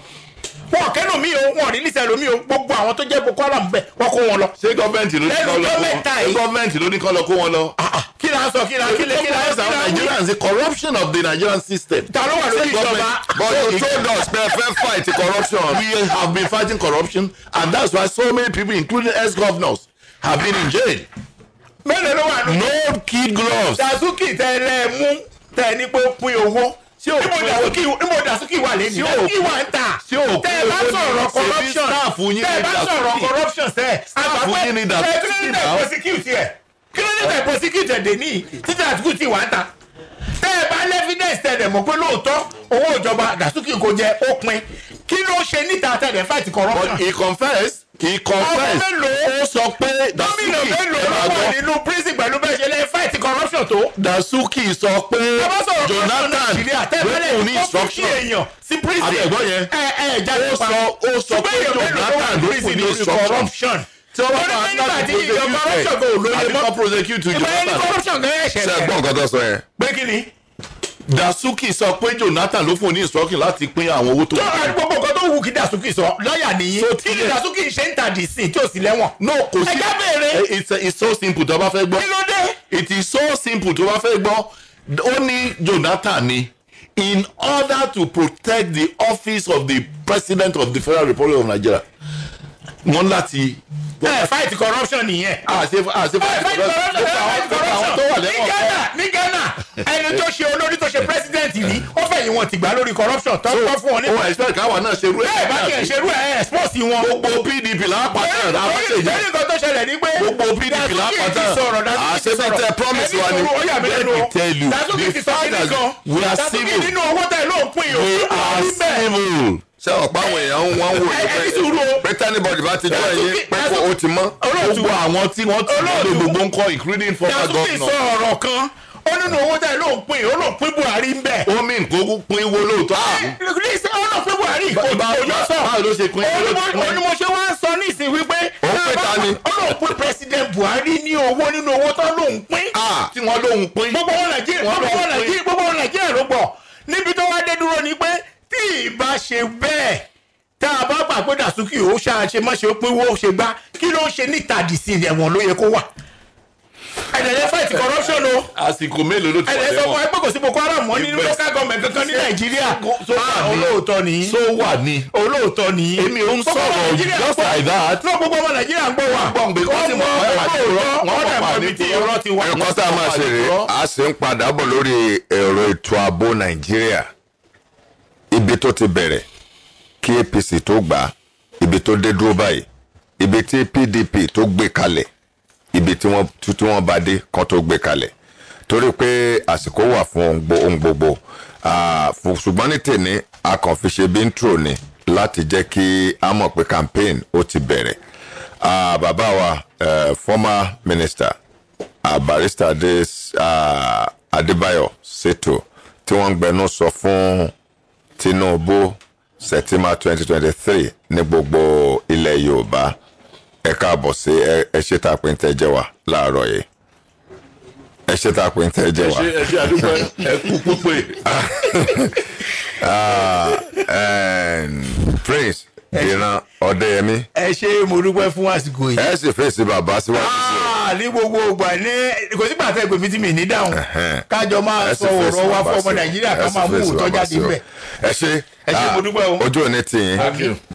wọn kẹ́nu mi o wọn rí lísẹ̀ lómi o gbogbo àwọn tó jẹ́ boko haram bẹ̀ wọ́n kó wọn lọ. ṣé gọ́ọ̀mẹ̀ntì ló ní kọ́ lọ kó wọn ṣé gọ́ọ̀mẹ̀ntì ló ní kọ́ lọ kó wọn lọ. kí la sọ kí la kí la kí la kí la Nigerians the corruption of the Nigerian system. ta ló wà lórí ìjọba. but you told us pé ẹ fẹ́ fight corruption we have been fighting corruption and that's why so many people including ex-governors have been in jail. mélòó ló wà lórí. no kid gloves. dazuki tẹ ẹ lẹ tẹ ẹ ní ó pín owó tí ò pé níbo dasuki wà lẹ́nu dasuki wà ń ta tẹ bá sọ̀rọ̀ corruption tẹ bá sọ̀rọ̀ corruption sẹ àgbàpẹ́ tẹ kí ló dé prosecute ẹ kí ló dé dé ní títí àtúkù tí wà ń ta tẹ bá lẹ́fídẹ́sì tẹ mọ̀ pé lóòótọ́ owó ìjọba dasuki kò jẹ ó pin kí ló ṣe níta tẹ fight corruption. but he confessed kì í confess ó sọ pé dasuki gómìnà mélòó ló wà nínú prison pẹ̀lú bẹ́ẹ̀ ṣe lè fight corruption tó. dasuki sọ pé jonathan gbẹ́kùn ní instruction àtẹ̀gbọ́n yẹn ó sọ ó sọ pé jonathan gbẹ́kùn ní instruction tí wọ́n bá máa ń tàbí corruption kò lóye mọ́ àbíkọ́ prosecute jonathan ṣẹ̀gbọ́n nǹkan tó sọ yẹn. pé kí ni dasuki sọ pé jonathan ló fún un ní instruction láti pín àwọn owó tó. tó ẹ gbogbo nǹkan tó wù kí dasuki sọ lọ́ọ̀yà nìyí kí ni dasuki ṣe ń tàdí sí tí ò sí lẹ́wọ̀n. no kò sí ẹ̀ka béèrè. Eh, it's so simple tó bá fẹ́ gbọ́. kí ló dé. it is so simple tó bá fẹ́ gbọ́. ó ní jonathan ni in order to protect the office of the president of the federal republic of nigeria wọn láti. ẹ fight corruption nìyẹn. a ṣe a ṣe fight corruption ẹ fight corruption ní ghana ní ghana ẹni tó ṣe olórí tó ṣe president rí ó fẹ̀yìn wọn ti gbà lórí corruption tó tọ́ fún wọn. òun expect káwa náà ṣerú ẹ̀ bẹ́ẹ̀ bá kẹ̀ ṣerú ẹ̀ expose wọn. gbogbo pdp lápàtà náà ṣe jẹ́ lórí nǹkan tó ṣẹlẹ̀ ní pé gbogbo pdp lápàtà àṣebẹ́tẹ̀ promise wa ni let me tell you the fact we are civil we are civil ṣé ọ̀pá àwọn èèyàn wọ́n wò ní pé anybody bá ti jọ ẹyin pé kò ó ti mọ́. gbogbo àwọn tí wọ́n ti lò gbogbo nǹkan including former governor. yàtúntì sọ ọ̀rọ̀ kan ó nínú owó tẹ̀ ló ń pín ó ló ń pín Buhari ń bẹ̀. ó mi nǹkan ó pín wo lóòótọ́ àrùn. níṣẹ́ ó lọ pín Buhari òjò sọ báwo ló ṣe pín owó tó pín. onímọ̀ ṣe wá ń sọ ní ìsìn wípé ó pè ta ni. ó lọ pín president Buhari ní owó nínú owó tó ló ń pín. tí wọ́n ló ń pín. gbogbo wọn Nàìjíríà gbogbo wọn Nàìjíríà ló gbọ̀ níbi tó wá dé dúró ni pé bá ṣe bẹ́ẹ̀ tá a bá gbà Dàsúkì ó ṣàṣe mọ́ṣe ó pínwó ṣe gbá kí ló ń ṣe níta dìsí ẹ̀wọ̀n ló yẹ kó wà. ẹ̀dẹ̀dẹ̀ fight corruption o. àsìkò mélòó ló ti wọlé wọn. ẹ̀dẹ̀ sọ fún pé kò sí Boko Haram mọ́ nínú local government kankan ní Nàìjíríà. Ah, olóòótọ́ ni. so wà ní. olóòótọ́ ni. èmi ò ń sọ̀rọ̀ just like that. fún gbogbo ọmọ Nàìjíríà ń gbọ́ wa. wọ́n mọ olóòótọ́ ibi tí irọ́ ti wà. ẹ̀kọ́ tá a máa ṣe rèé a sì ń padà bọ̀ lórí ẹ̀rọ ètò ààbò Nàìjíríà ibi tó ti bẹ̀rẹ̀ kí APC tó gbà ibi tó dé dúró báyìí ibi tí PDP tó gbé kalẹ̀ ibi tí wọ́n tí wọ́n bá dé kan tó gbé kalẹ̀ torí pé àsìkò wà fún ohun gbogbo ṣùgbọ́n ní tèmi a kàn fi ṣe bí intro ni láti jẹ́ kí a mọ̀ pé campaign ó ti bẹ̀rẹ̀ bàbá wa former minister uh, barrister Adés, uh, Adébáyọ̀ seto tí wọ́n ń gbẹnu sọ fún tinubu September twenty twenty three ní gbogbo ilẹ̀ yorùbá ẹ káàbọ̀ sí ẹ ṣe tá a pín tẹ́ jẹ́ wà láàárọ̀ yìí ẹ ṣe tá a pín tẹ́ jẹ́ wà. ẹ ṣe àdúgbò ẹ kú pípé. Ah, prince ìran ọdẹyẹmí. ẹ ṣe mo dúpẹ́ fún àsìkò yìí. ẹ sì fèsì bàbá síwájú sí i ní gbogbo ògbà ní kò sí pàtẹ́ ìpèmí tí mi ní dáhùn kájọ máa sọ ọ̀rọ̀ wa fún ọmọ nàìjíríà ká máa mú òótọ́ jáde bẹ́ẹ̀. ẹ ṣe ojú òní tì yín